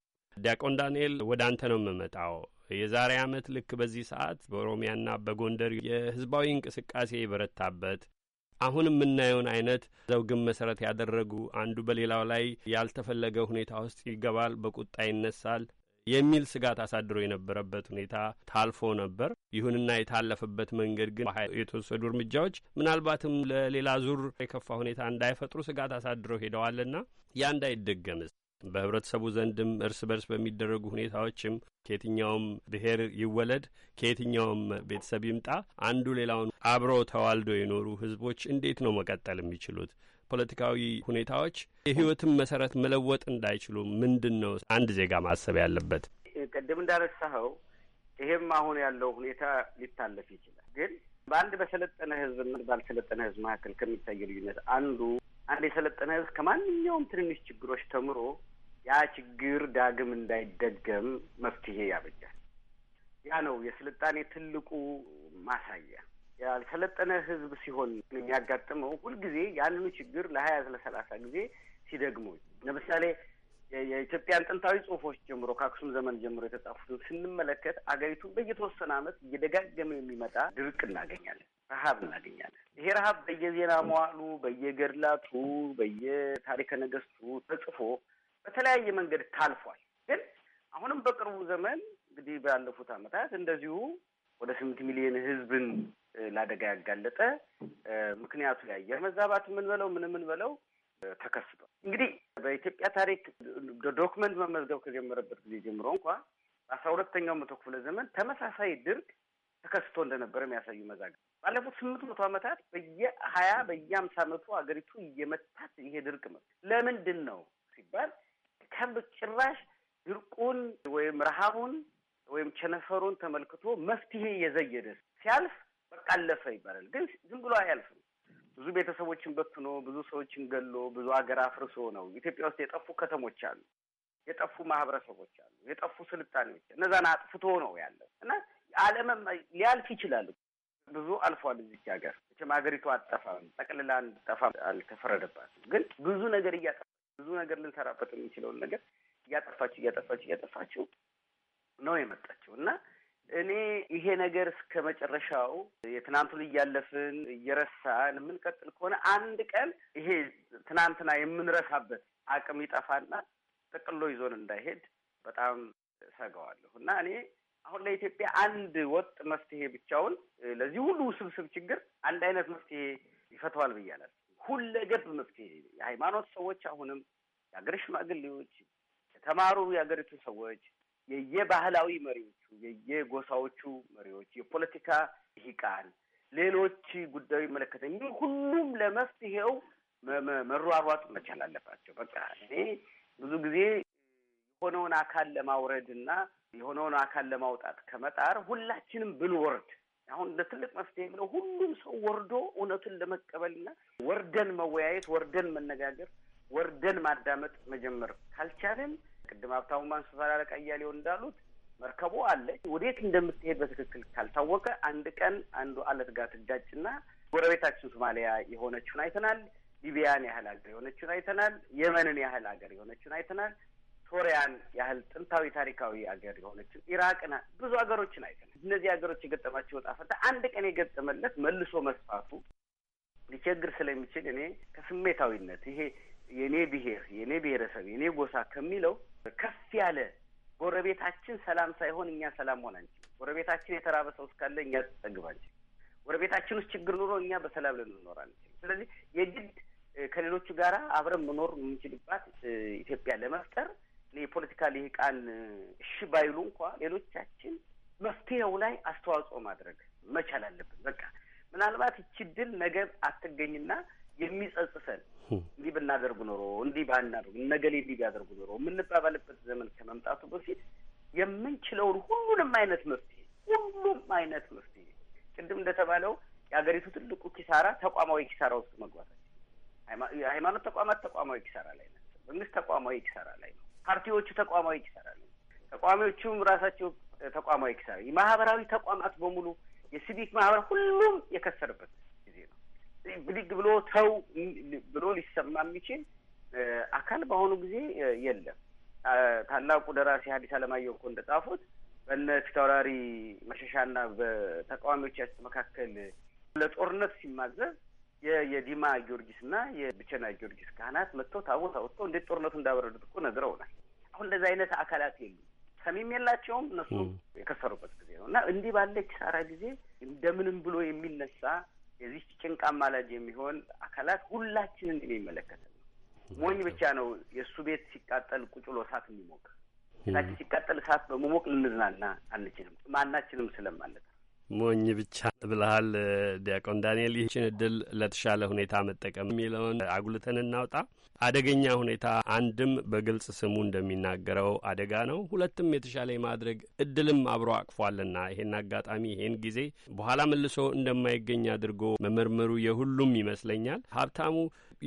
ዲያቆን ዳንኤል ወደ አንተ ነው የምመጣው። የዛሬ ዓመት ልክ በዚህ ሰዓት በኦሮሚያና በጎንደር የህዝባዊ እንቅስቃሴ የበረታበት አሁን የምናየውን አይነት ዘውግን መሰረት ያደረጉ አንዱ በሌላው ላይ ያልተፈለገ ሁኔታ ውስጥ ይገባል፣ በቁጣ ይነሳል፣ የሚል ስጋት አሳድሮ የነበረበት ሁኔታ ታልፎ ነበር። ይሁንና የታለፈበት መንገድ ግን የተወሰዱ እርምጃዎች ምናልባትም ለሌላ ዙር የከፋ ሁኔታ እንዳይፈጥሩ ስጋት አሳድሮ ሄደዋልና ያ እንዳይደገምስ በህብረተሰቡ ዘንድም እርስ በርስ በሚደረጉ ሁኔታዎችም ከየትኛውም ብሔር ይወለድ ከየትኛውም ቤተሰብ ይምጣ አንዱ ሌላውን አብረው ተዋልዶ የኖሩ ህዝቦች እንዴት ነው መቀጠል የሚችሉት? ፖለቲካዊ ሁኔታዎች የህይወትን መሰረት መለወጥ እንዳይችሉ ምንድን ነው አንድ ዜጋ ማሰብ ያለበት?
ቅድም እንዳነሳኸው ይሄም አሁን ያለው ሁኔታ ሊታለፍ ይችላል። ግን በአንድ በሰለጠነ ህዝብና ባልሰለጠነ ህዝብ መካከል ከሚታየ ልዩነት አንዱ አንድ የሰለጠነ ህዝብ ከማንኛውም ትንንሽ ችግሮች ተምሮ ያ ችግር ዳግም እንዳይደገም መፍትሄ ያበጃል። ያ ነው የስልጣኔ ትልቁ ማሳያ። ያልሰለጠነ ህዝብ ሲሆን የሚያጋጥመው ሁልጊዜ ያንኑ ችግር ለሀያ ለሰላሳ ጊዜ ሲደግሞ ለምሳሌ የኢትዮጵያን ጥንታዊ ጽሁፎች ጀምሮ ከአክሱም ዘመን ጀምሮ የተጻፉትን ስንመለከት አገሪቱ በየተወሰነ ዓመት እየደጋገመ የሚመጣ ድርቅ እናገኛለን፣ ረሀብ እናገኛለን። ይሄ ረሀብ በየዜና መዋሉ፣ በየገድላቱ፣ በየታሪከ ነገስቱ ተጽፎ በተለያየ መንገድ ታልፏል። ግን አሁንም በቅርቡ ዘመን እንግዲህ ባለፉት ዓመታት እንደዚሁ ወደ ስምንት ሚሊዮን ህዝብን ለአደጋ ያጋለጠ ምክንያቱ የአየር መዛባት የምንበለው ምን የምንበለው ተከስቷል። እንግዲህ በኢትዮጵያ ታሪክ ዶክመንት መመዝገብ ከጀመረበት ጊዜ ጀምሮ እንኳ በአስራ ሁለተኛው መቶ ክፍለ ዘመን ተመሳሳይ ድርቅ ተከስቶ እንደነበረ የሚያሳዩ መዛግብ ባለፉት ስምንት መቶ ዓመታት በየሀያ በየአምሳ ዓመቱ ሀገሪቱ እየመታት ይሄ ድርቅ መ ለምንድን ነው ሲባል ከብ ጭራሽ ድርቁን ወይም ረሃቡን ወይም ቸነፈሩን ተመልክቶ መፍትሄ የዘየደ ሲያልፍ በቃ አለፈ ይባላል። ግን ዝም ብሎ አያልፍም። ብዙ ቤተሰቦችን በትኖ፣ ብዙ ሰዎችን ገሎ፣ ብዙ ሀገር አፍርሶ ነው። ኢትዮጵያ ውስጥ የጠፉ ከተሞች አሉ፣ የጠፉ ማህበረሰቦች አሉ፣ የጠፉ ስልጣኔዎች እነዛን አጥፍቶ ነው ያለው እና ዓለምም ሊያልፍ ይችላል። ብዙ አልፏል። እዚች ሀገር መቼም ሀገሪቱ አጠፋም ጠቅልላ እንድጠፋ አልተፈረደባትም። ግን ብዙ ነገር እያጠፋ ብዙ ነገር ልንሰራበት የምንችለውን ነገር እያጠፋችሁ እያጠፋችሁ እያጠፋችሁ ነው የመጣችው እና እኔ ይሄ ነገር እስከ መጨረሻው የትናንቱን እያለፍን እየረሳን የምንቀጥል ከሆነ አንድ ቀን ይሄ ትናንትና የምንረሳበት አቅም ይጠፋና ጥቅሎ ይዞን እንዳይሄድ በጣም ሰጋዋለሁ እና እኔ አሁን ለኢትዮጵያ አንድ ወጥ መፍትሄ ብቻውን ለዚህ ሁሉ ውስብስብ ችግር አንድ አይነት መፍትሄ ይፈተዋል ብያለሁ። ሁለገብ መፍትሄ የሃይማኖት ሰዎች አሁንም የሀገር ሽማግሌዎች፣ የተማሩ የሀገሪቱ ሰዎች የየባህላዊ መሪዎቹ፣ የየጎሳዎቹ መሪዎች፣ የፖለቲካ ሂቃን፣ ሌሎች ጉዳዩ ይመለከተኝ ሁሉም ለመፍትሄው መሯሯጥ መቻል አለባቸው። በቃ እኔ ብዙ ጊዜ የሆነውን አካል ለማውረድ እና የሆነውን አካል ለማውጣት ከመጣር ሁላችንም ብንወርድ አሁን ለትልቅ መፍትሄ የምለው ሁሉም ሰው ወርዶ እውነቱን ለመቀበልና ወርደን መወያየት፣ ወርደን መነጋገር፣ ወርደን ማዳመጥ መጀመር ካልቻለን ቅድም ሀብታሙ ማንስፋራ አለቃ እያሌው እንዳሉት መርከቡ አለ። ወዴት እንደምትሄድ በትክክል ካልታወቀ አንድ ቀን አንዱ አለት ጋር ትጋጭና ጎረቤታችን ሶማሊያ የሆነችውን አይተናል። ሊቢያን ያህል ሀገር የሆነችውን አይተናል። የመንን ያህል ሀገር የሆነችውን አይተናል። ሶሪያን ያህል ጥንታዊ ታሪካዊ ሀገር የሆነችን ኢራቅን፣ ብዙ ሀገሮችን አይተናል። እነዚህ ሀገሮች የገጠማቸው ወጣ ፈንታ አንድ ቀን የገጠመለት መልሶ መስፋቱ ሊቸግር ስለሚችል እኔ ከስሜታዊነት ይሄ የእኔ ብሄር የእኔ ብሄረሰብ የእኔ ጎሳ ከሚለው ከፍ ያለ ጎረቤታችን ሰላም ሳይሆን እኛ ሰላም ሆነ አንችል። ጎረቤታችን የተራበ ሰው እስካለ እኛ ጠግብ አንችል። ጎረቤታችን ውስጥ ችግር ኑሮ እኛ በሰላም ልንኖር አንችል። ስለዚህ የግድ ከሌሎቹ ጋር አብረን መኖር የምንችልባት ኢትዮጵያ ለመፍጠር የፖለቲካ ልሂቃን እሺ ባይሉ እንኳ ሌሎቻችን መፍትሄው ላይ አስተዋጽኦ ማድረግ መቻል አለብን። በቃ ምናልባት ይቺ ድል ነገ አትገኝና የሚጸጽፈን እንዲህ ብናደርጉ ኖሮ እንዲህ ባናደርጉ ነገሌ እንዲህ ቢያደርጉ ኖሮ የምንባባልበት ዘመን ከመምጣቱ በፊት የምንችለውን ሁሉንም አይነት መፍትሄ ሁሉም አይነት መፍትሄ ቅድም እንደተባለው የሀገሪቱ ትልቁ ኪሳራ ተቋማዊ ኪሳራ ውስጥ መግባታችን፣ የሃይማኖት ተቋማት ተቋማዊ ኪሳራ ላይ ናቸው። መንግስት ተቋማዊ ኪሳራ ላይ ነው። ፓርቲዎቹ ተቋማዊ ኪሳራ ላይ ነው። ተቃዋሚዎቹም ራሳቸው ተቋማዊ ኪሳራ፣ ማህበራዊ ተቋማት በሙሉ የሲቪክ ማህበራ ሁሉም የከሰርበት ብድግ ብሎ ተው ብሎ ሊሰማ የሚችል አካል በአሁኑ ጊዜ የለም። ታላቁ ደራሲ ሐዲስ ዓለማየሁ እኮ እንደ ጻፉት በነ ፊታውራሪ መሸሻና በተቃዋሚዎቻቸው መካከል ለጦርነት ሲማዘዝ የዲማ ጊዮርጊስና የብቸና ጊዮርጊስ ካህናት መጥተው ታቦት አውጥተው እንዴት ጦርነቱ እንዳበረዱት እኮ ነግረውናል። አሁን እንደዚ አይነት አካላት የሉ ሰሚም የላቸውም። እነሱ የከሰሩበት ጊዜ ነው እና እንዲህ ባለ ኪሳራ ጊዜ እንደምንም ብሎ የሚነሳ የዚህ ጭንቃማ ላጅ የሚሆን አካላት ሁላችንን የሚመለከት ነው። ሞኝ ብቻ ነው የእሱ ቤት ሲቃጠል ቁጭሎ ብሎ እሳት የሚሞቅ። ቤታችን ሲቃጠል እሳት በመሞቅ ልንዝናና አንችልም፣ ማናችንም ስለማለት
ሞኝ ብቻ ብልሃል ዲያቆን ዳንኤል። ይህችን እድል ለተሻለ ሁኔታ መጠቀም የሚለውን አጉልተን እናውጣ። አደገኛ ሁኔታ አንድም በግልጽ ስሙ እንደሚናገረው አደጋ ነው፣ ሁለትም የተሻለ የማድረግ እድልም አብሮ አቅፏልና ይሄን አጋጣሚ ይሄን ጊዜ በኋላ መልሶ እንደማይገኝ አድርጎ መመርመሩ የሁሉም ይመስለኛል ሀብታሙ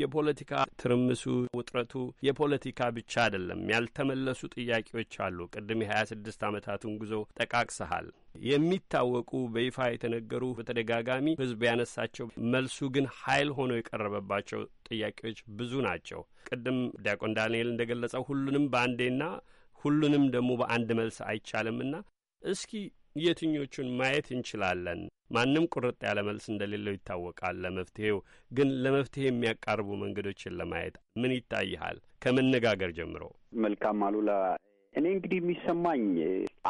የፖለቲካ ትርምሱ፣ ውጥረቱ የፖለቲካ ብቻ አይደለም። ያልተመለሱ ጥያቄዎች አሉ። ቅድም የሀያ ስድስት ዓመታቱን ጉዞ ጠቃቅሰሃል። የሚታወቁ በይፋ የተነገሩ በተደጋጋሚ ህዝብ ያነሳቸው መልሱ ግን ኃይል ሆኖ የቀረበባቸው ጥያቄዎች ብዙ ናቸው። ቅድም ዲያቆን ዳንኤል እንደገለጸው ሁሉንም በአንዴና ሁሉንም ደግሞ በአንድ መልስ አይቻልምና እስኪ የትኞቹን ማየት እንችላለን? ማንም ቁርጥ ያለ መልስ እንደሌለው ይታወቃል። ለመፍትሄው ግን ለመፍትሄ የሚያቃርቡ መንገዶችን ለማየት ምን ይታይሃል? ከመነጋገር ጀምሮ።
መልካም አሉላ፣ እኔ እንግዲህ የሚሰማኝ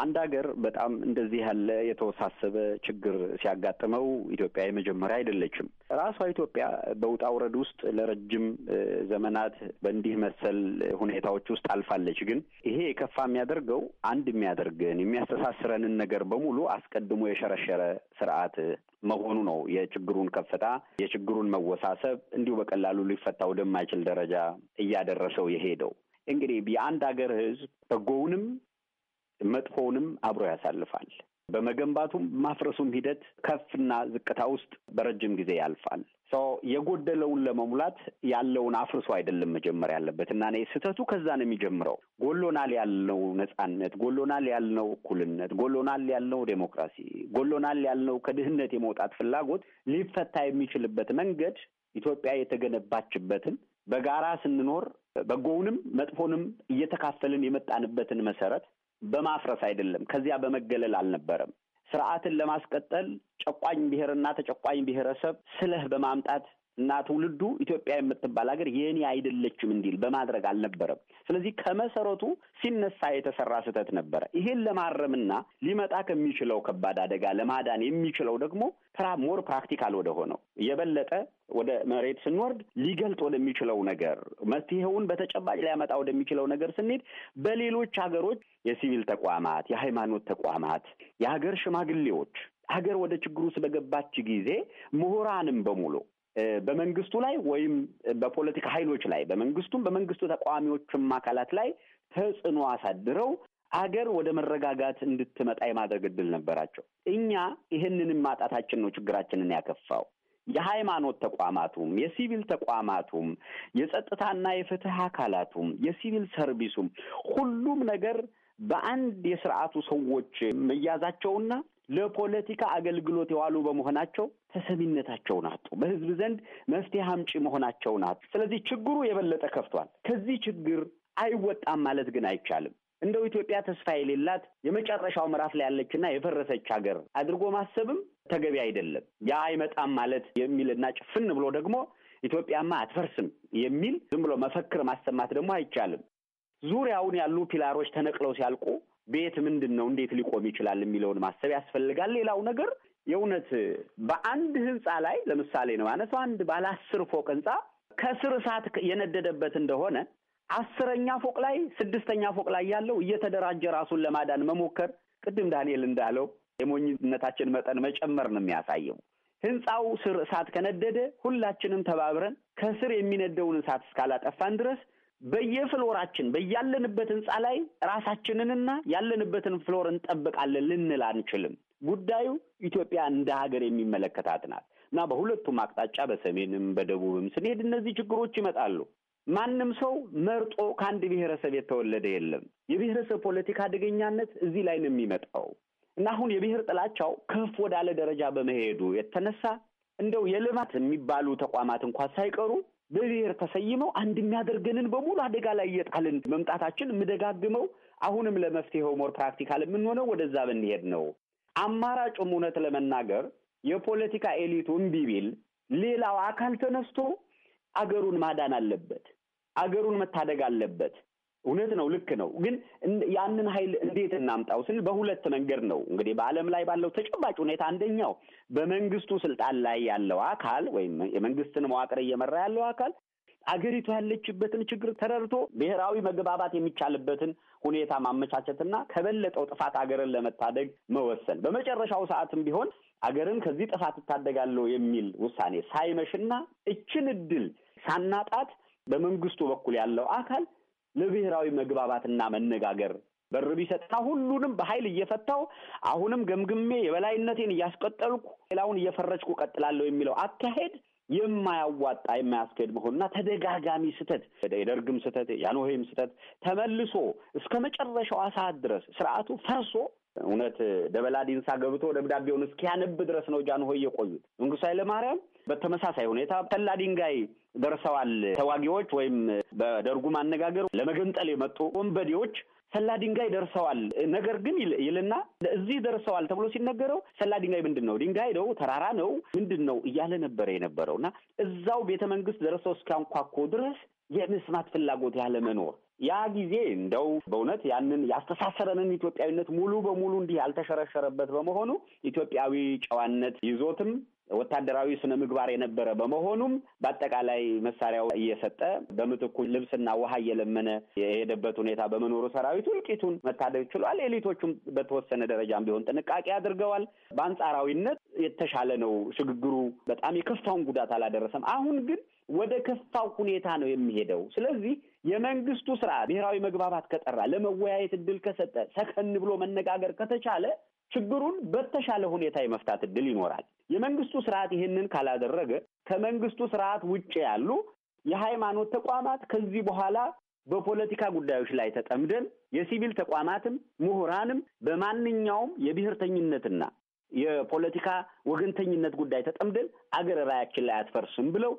አንድ ሀገር በጣም እንደዚህ ያለ የተወሳሰበ ችግር ሲያጋጥመው ኢትዮጵያ የመጀመሪያ አይደለችም። ራሷ ኢትዮጵያ በውጣ ውረድ ውስጥ ለረጅም ዘመናት በእንዲህ መሰል ሁኔታዎች ውስጥ አልፋለች። ግን ይሄ የከፋ የሚያደርገው አንድ የሚያደርገን የሚያስተሳስረንን ነገር በሙሉ አስቀድሞ የሸረሸረ ስርዓት መሆኑ ነው። የችግሩን ከፍታ፣ የችግሩን መወሳሰብ እንዲሁ በቀላሉ ሊፈታ ወደማይችል ደረጃ እያደረሰው የሄደው እንግዲህ የአንድ ሀገር ህዝብ በጎውንም መጥፎውንም አብሮ ያሳልፋል። በመገንባቱም ማፍረሱም ሂደት ከፍና ዝቅታ ውስጥ በረጅም ጊዜ ያልፋል። ሰው የጎደለውን ለመሙላት ያለውን አፍርሶ አይደለም መጀመር ያለበት እና እኔ ስህተቱ ከዛ ነው የሚጀምረው። ጎሎናል ያልነው ነጻነት፣ ጎሎናል ያልነው እኩልነት፣ ጎሎናል ያልነው ዴሞክራሲ፣ ጎሎናል ያልነው ከድህነት የመውጣት ፍላጎት ሊፈታ የሚችልበት መንገድ ኢትዮጵያ የተገነባችበትን በጋራ ስንኖር በጎውንም መጥፎንም እየተካፈልን የመጣንበትን መሰረት በማፍረስ አይደለም፣ ከዚያ በመገለል አልነበረም። ስርዓትን ለማስቀጠል ጨቋኝ ብሔርና ተጨቋኝ ብሔረሰብ ስለህ በማምጣት እና ትውልዱ ኢትዮጵያ የምትባል ሀገር የኔ አይደለችም እንዲል በማድረግ አልነበረም። ስለዚህ ከመሰረቱ ሲነሳ የተሰራ ስህተት ነበረ። ይሄን ለማረምና ሊመጣ ከሚችለው ከባድ አደጋ ለማዳን የሚችለው ደግሞ ፕራ ሞር ፕራክቲካል ወደ ሆነው የበለጠ ወደ መሬት ስንወርድ ሊገልጥ ወደሚችለው ነገር መፍትሄውን በተጨባጭ ሊያመጣ ወደሚችለው ነገር ስንሄድ በሌሎች ሀገሮች የሲቪል ተቋማት፣ የሃይማኖት ተቋማት፣ የሀገር ሽማግሌዎች ሀገር ወደ ችግሩ ስለገባች በገባች ጊዜ ምሁራንም በሙሉ በመንግስቱ ላይ ወይም በፖለቲካ ኃይሎች ላይ በመንግስቱም በመንግስቱ ተቃዋሚዎችም አካላት ላይ ተጽዕኖ አሳድረው አገር ወደ መረጋጋት እንድትመጣ የማድረግ እድል ነበራቸው። እኛ ይህንንም ማጣታችን ነው ችግራችንን ያከፋው። የሃይማኖት ተቋማቱም፣ የሲቪል ተቋማቱም፣ የጸጥታና የፍትህ አካላቱም፣ የሲቪል ሰርቪሱም ሁሉም ነገር በአንድ የስርዓቱ ሰዎች መያዛቸውና ለፖለቲካ አገልግሎት የዋሉ በመሆናቸው ተሰሚነታቸውን አጡ። በህዝብ ዘንድ መፍትሄ አምጪ መሆናቸውን አጡ። ስለዚህ ችግሩ የበለጠ ከፍቷል። ከዚህ ችግር አይወጣም ማለት ግን አይቻልም። እንደው ኢትዮጵያ ተስፋ የሌላት የመጨረሻው ምዕራፍ ላይ ያለችና የፈረሰች ሀገር አድርጎ ማሰብም ተገቢ አይደለም። ያ አይመጣም ማለት የሚልና ጭፍን ብሎ ደግሞ ኢትዮጵያማ አትፈርስም የሚል ዝም ብሎ መፈክር ማሰማት ደግሞ አይቻልም። ዙሪያውን ያሉ ፒላሮች ተነቅለው ሲያልቁ ቤት ምንድን ነው፣ እንዴት ሊቆም ይችላል የሚለውን ማሰብ ያስፈልጋል። ሌላው ነገር የእውነት በአንድ ህንፃ ላይ ለምሳሌ ነው ማነሱ አንድ ባለ አስር ፎቅ ህንፃ ከስር እሳት የነደደበት እንደሆነ አስረኛ ፎቅ ላይ ስድስተኛ ፎቅ ላይ ያለው እየተደራጀ ራሱን ለማዳን መሞከር ቅድም ዳንኤል እንዳለው የሞኝነታችን መጠን መጨመር ነው የሚያሳየው። ህንፃው ስር እሳት ከነደደ ሁላችንም ተባብረን ከስር የሚነደውን እሳት እስካላጠፋን ድረስ በየፍሎራችን በያለንበት ህንፃ ላይ ራሳችንንና ያለንበትን ፍሎር እንጠብቃለን ልንል አንችልም። ጉዳዩ ኢትዮጵያ እንደ ሀገር የሚመለከታት ናት እና በሁለቱም አቅጣጫ በሰሜንም በደቡብም ስንሄድ እነዚህ ችግሮች ይመጣሉ። ማንም ሰው መርጦ ከአንድ ብሔረሰብ የተወለደ የለም። የብሔረሰብ ፖለቲካ አደገኛነት እዚህ ላይ ነው የሚመጣው እና አሁን የብሔር ጥላቻው ከፍ ወዳለ ደረጃ በመሄዱ የተነሳ እንደው የልማት የሚባሉ ተቋማት እንኳን ሳይቀሩ በብሔር ተሰይመው አንድ የሚያደርገንን በሙሉ አደጋ ላይ እየጣልን መምጣታችን የምደጋግመው አሁንም ለመፍትሄው ሞር ፕራክቲካል የምንሆነው ወደዛ ብንሄድ ነው። አማራጩም እውነት ለመናገር የፖለቲካ ኤሊቱ እምቢ ቢል ሌላው አካል ተነስቶ አገሩን ማዳን አለበት፣ አገሩን መታደግ አለበት። እውነት ነው፣ ልክ ነው። ግን ያንን ኃይል እንዴት እናምጣው ስል በሁለት መንገድ ነው እንግዲህ በዓለም ላይ ባለው ተጨባጭ ሁኔታ፣ አንደኛው በመንግስቱ ስልጣን ላይ ያለው አካል ወይም የመንግስትን መዋቅር እየመራ ያለው አካል አገሪቱ ያለችበትን ችግር ተረድቶ ብሔራዊ መግባባት የሚቻልበትን ሁኔታ ማመቻቸትና ከበለጠው ጥፋት አገርን ለመታደግ መወሰን በመጨረሻው ሰዓትም ቢሆን አገርን ከዚህ ጥፋት እታደጋለሁ የሚል ውሳኔ ሳይመሽና እችን እድል ሳናጣት በመንግስቱ በኩል ያለው አካል ለብሔራዊ መግባባትና መነጋገር በር ቢሰጥና ሁሉንም በኃይል እየፈታው አሁንም ገምግሜ የበላይነቴን እያስቀጠልኩ ሌላውን እየፈረጅኩ ቀጥላለሁ የሚለው አካሄድ የማያዋጣ የማያስኬድ መሆኑና ተደጋጋሚ ስህተት የደርግም ስህተት ያኖሄም ስህተት ተመልሶ እስከ መጨረሻው ሰዓት ድረስ ስርዓቱ ፈርሶ እውነት ደበላዲንሳ ገብቶ ደብዳቤውን እስኪያነብ ድረስ ነው ጃንሆይ የቆዩት። መንግስቱ ኃይለማርያም በተመሳሳይ ሁኔታ ተላ ድንጋይ ደርሰዋል። ተዋጊዎች ወይም በደርጉ ማነጋገር ለመገንጠል የመጡ ወንበዴዎች ሰላ ድንጋይ ደርሰዋል። ነገር ግን ይልና እዚህ ደርሰዋል ተብሎ ሲነገረው ሰላ ድንጋይ ምንድን ነው? ድንጋይ ነው? ተራራ ነው? ምንድን ነው እያለ ነበረ የነበረው እና እዛው ቤተ መንግስት ደርሰው እስኪያንኳኮ ድረስ የመስማት ፍላጎት ያለ መኖር ያ ጊዜ እንደው በእውነት ያንን ያስተሳሰረንን ኢትዮጵያዊነት ሙሉ በሙሉ እንዲህ ያልተሸረሸረበት በመሆኑ ኢትዮጵያዊ ጨዋነት ይዞትም ወታደራዊ ስነ ምግባር የነበረ በመሆኑም በአጠቃላይ መሳሪያው እየሰጠ በምትኩ ልብስና ውሃ እየለመነ የሄደበት ሁኔታ በመኖሩ ሰራዊቱ እልቂቱን መታደግ ችሏል። ኤሊቶቹም በተወሰነ ደረጃም ቢሆን ጥንቃቄ አድርገዋል። በአንጻራዊነት የተሻለ ነው ሽግግሩ። በጣም የከፋውን ጉዳት አላደረሰም። አሁን ግን ወደ ከፋው ሁኔታ ነው የሚሄደው። ስለዚህ የመንግስቱ ስራ ብሔራዊ መግባባት ከጠራ፣ ለመወያየት እድል ከሰጠ፣ ሰከን ብሎ መነጋገር ከተቻለ ችግሩን በተሻለ ሁኔታ የመፍታት እድል ይኖራል። የመንግስቱ ስርዓት ይህንን ካላደረገ ከመንግስቱ ስርዓት ውጭ ያሉ የሃይማኖት ተቋማት ከዚህ በኋላ በፖለቲካ ጉዳዮች ላይ ተጠምደን የሲቪል ተቋማትም ምሁራንም በማንኛውም የብሔርተኝነትና የፖለቲካ ወገንተኝነት ጉዳይ ተጠምደን አገር ራያችን ላይ አትፈርስም ብለው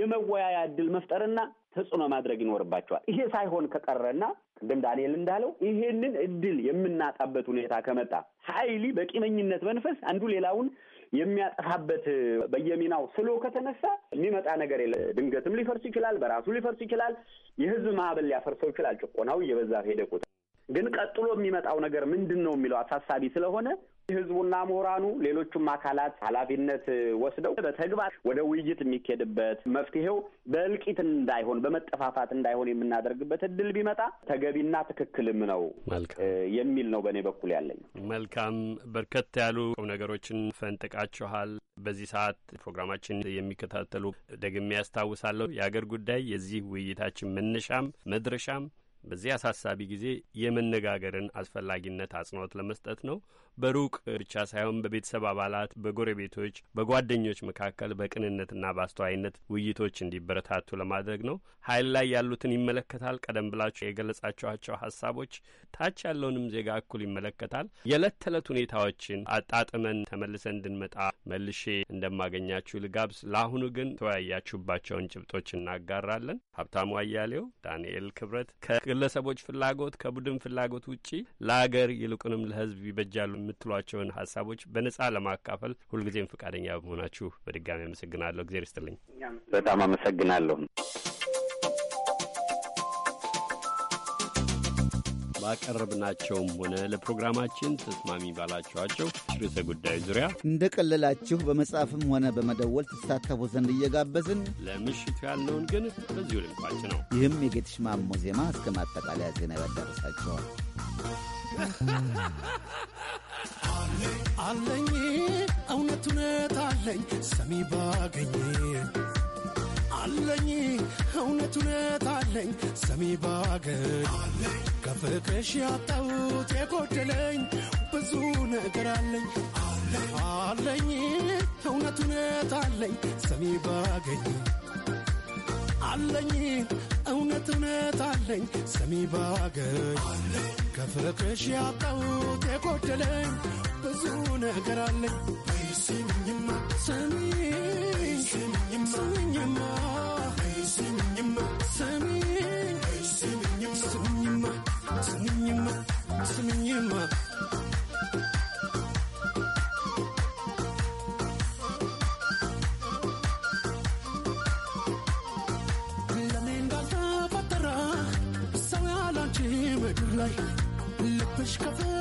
የመወያያ እድል መፍጠርና ተጽዕኖ ማድረግ ይኖርባቸዋል። ይሄ ሳይሆን ከቀረና ቅድም ዳንኤል እንዳለው ይሄንን እድል የምናጣበት ሁኔታ ከመጣ ሀይሊ በቂመኝነት መንፈስ አንዱ ሌላውን የሚያጠፋበት በየሚናው ስሎ ከተነሳ የሚመጣ ነገር የለ። ድንገትም ሊፈርስ ይችላል፣ በራሱ ሊፈርስ ይችላል፣ የህዝብ ማዕበል ሊያፈርሰው ይችላል። ጭቆናው እየበዛ ሄደ ቁጥር ግን ቀጥሎ የሚመጣው ነገር ምንድን ነው የሚለው አሳሳቢ ስለሆነ ህዝቡና ምሁራኑ ሌሎቹም አካላት ኃላፊነት ወስደው በተግባር ወደ ውይይት የሚኬድበት መፍትሄው በእልቂት እንዳይሆን በመጠፋፋት እንዳይሆን የምናደርግበት እድል ቢመጣ ተገቢና ትክክልም ነው የሚል ነው በእኔ በኩል ያለኝ።
መልካም በርከት ያሉ ነገሮችን ፈንጥቃችኋል። በዚህ ሰዓት ፕሮግራማችን የሚከታተሉ ደግሜ ያስታውሳለሁ። የአገር ጉዳይ የዚህ ውይይታችን መነሻም መድረሻም በዚህ አሳሳቢ ጊዜ የመነጋገርን አስፈላጊነት አጽንኦት ለመስጠት ነው። በሩቅ ብቻ ሳይሆን በቤተሰብ አባላት፣ በጎረቤቶች፣ በጓደኞች መካከል በቅንነትና በአስተዋይነት ውይይቶች እንዲበረታቱ ለማድረግ ነው። ኃይል ላይ ያሉትን ይመለከታል። ቀደም ብላችሁ የገለጻችኋቸው ሀሳቦች ታች ያለውንም ዜጋ እኩል ይመለከታል። የዕለት ተዕለት ሁኔታዎችን አጣጥመን ተመልሰን እንድንመጣ መልሼ እንደማገኛችሁ ልጋብስ። ለአሁኑ ግን ተወያያችሁባቸውን ጭብጦች እናጋራለን። ሀብታሙ አያሌው፣ ዳንኤል ክብረት ከግለሰቦች ፍላጎት ከቡድን ፍላጎት ውጪ ለአገር ይልቁንም ለህዝብ ይበጃሉ የምትሏቸውን ሀሳቦች በነጻ ለማካፈል ሁልጊዜም ፈቃደኛ በመሆናችሁ በድጋሚ አመሰግናለሁ። እግዜር ይስጥልኝ።
በጣም አመሰግናለሁ።
ባቀረብናቸውም ሆነ ለፕሮግራማችን ተስማሚ ባላችኋቸው ርዕሰ ጉዳይ ዙሪያ
እንደ ቀለላችሁ በመጻፍም ሆነ በመደወል ትሳተፉ ዘንድ እየጋበዝን
ለምሽቱ ያለውን ግን በዚሁ ልንቋጭ ነው።
ይህም የጌትሽ ማሞ ዜማ እስከ ማጠቃለያ ዜና ያዳርሳቸዋል።
አለኝ እውነት እውነት አለኝ ሰሚ ባገኝ አለኝ እውነት እውነት አለኝ ሰሚ ባገኝ ከፍቅሽ ያጣሁት የጎደለኝ ብዙ ነገር አለኝ አለኝ እውነት እውነት አለኝ ሰሚ ባገኝ አለኝ እውነት እውነት አለኝ ሰሚ ባገኝ ከፍቅሽ ያጣሁት የጎደለኝ ብዙ ነገር አለኝ ስሚኝማ ስሚኝ ስሚኝማ ስሚኝማ ስሚኝ ስሚኝማ ስሚኝማ ስሚኝማ ስሚኝማ Let's go.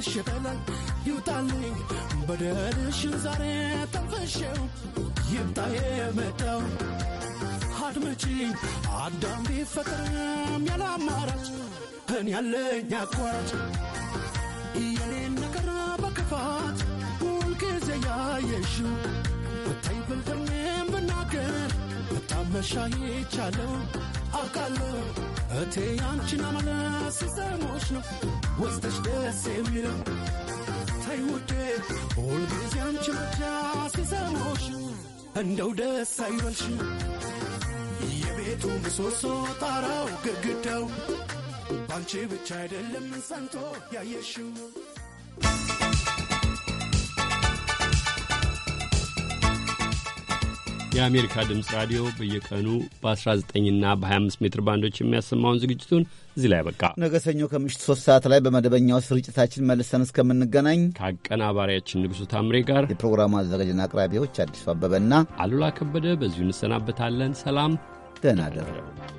አሸጠናል ይውጣልኝ በደልሽን ዛሬ ጠንፈሸው ይምጣ የመጣው አድመጪ አዳም ቢፈቅርም ያለ አማራጭ እኔ ያለኝ አቋራጭ የኔን ነገር በክፋት ሁልጊዜ ያየሽው ብታይ ብልፍኔም ብናገር በጣም መሻ ይቻለው አውቃለሁ እቴ ያንቺን አማላ ስሰሞች ነው ወስተሽ ደስ የሚለው ታይውዴ ሁልጊዜ አንቺ ብቻ ስሰሞች እንደው ደስ አይበልሽ የቤቱ ምሰሶ ጣራው ግድግዳው ባንቺ ብቻ አይደለም ሰንቶ ያየሽው
የአሜሪካ ድምፅ ራዲዮ በየቀኑ በ19ና በ25 ሜትር ባንዶች የሚያሰማውን ዝግጅቱን እዚህ ላይ በቃ።
ነገ ሰኞ ሶስት ሰዓት ላይ በመደበኛው ስርጭታችን
መልሰን እስከምንገናኝ ከአቀናባሪያችን ንጉሱ ታምሬ ጋር የፕሮግራሙ አዘጋጅና አቅራቢዎች አዲሱ አበበና አሉላ ከበደ በዚሁ እንሰናበታለን። ሰላም፣ ደህና እደሩ።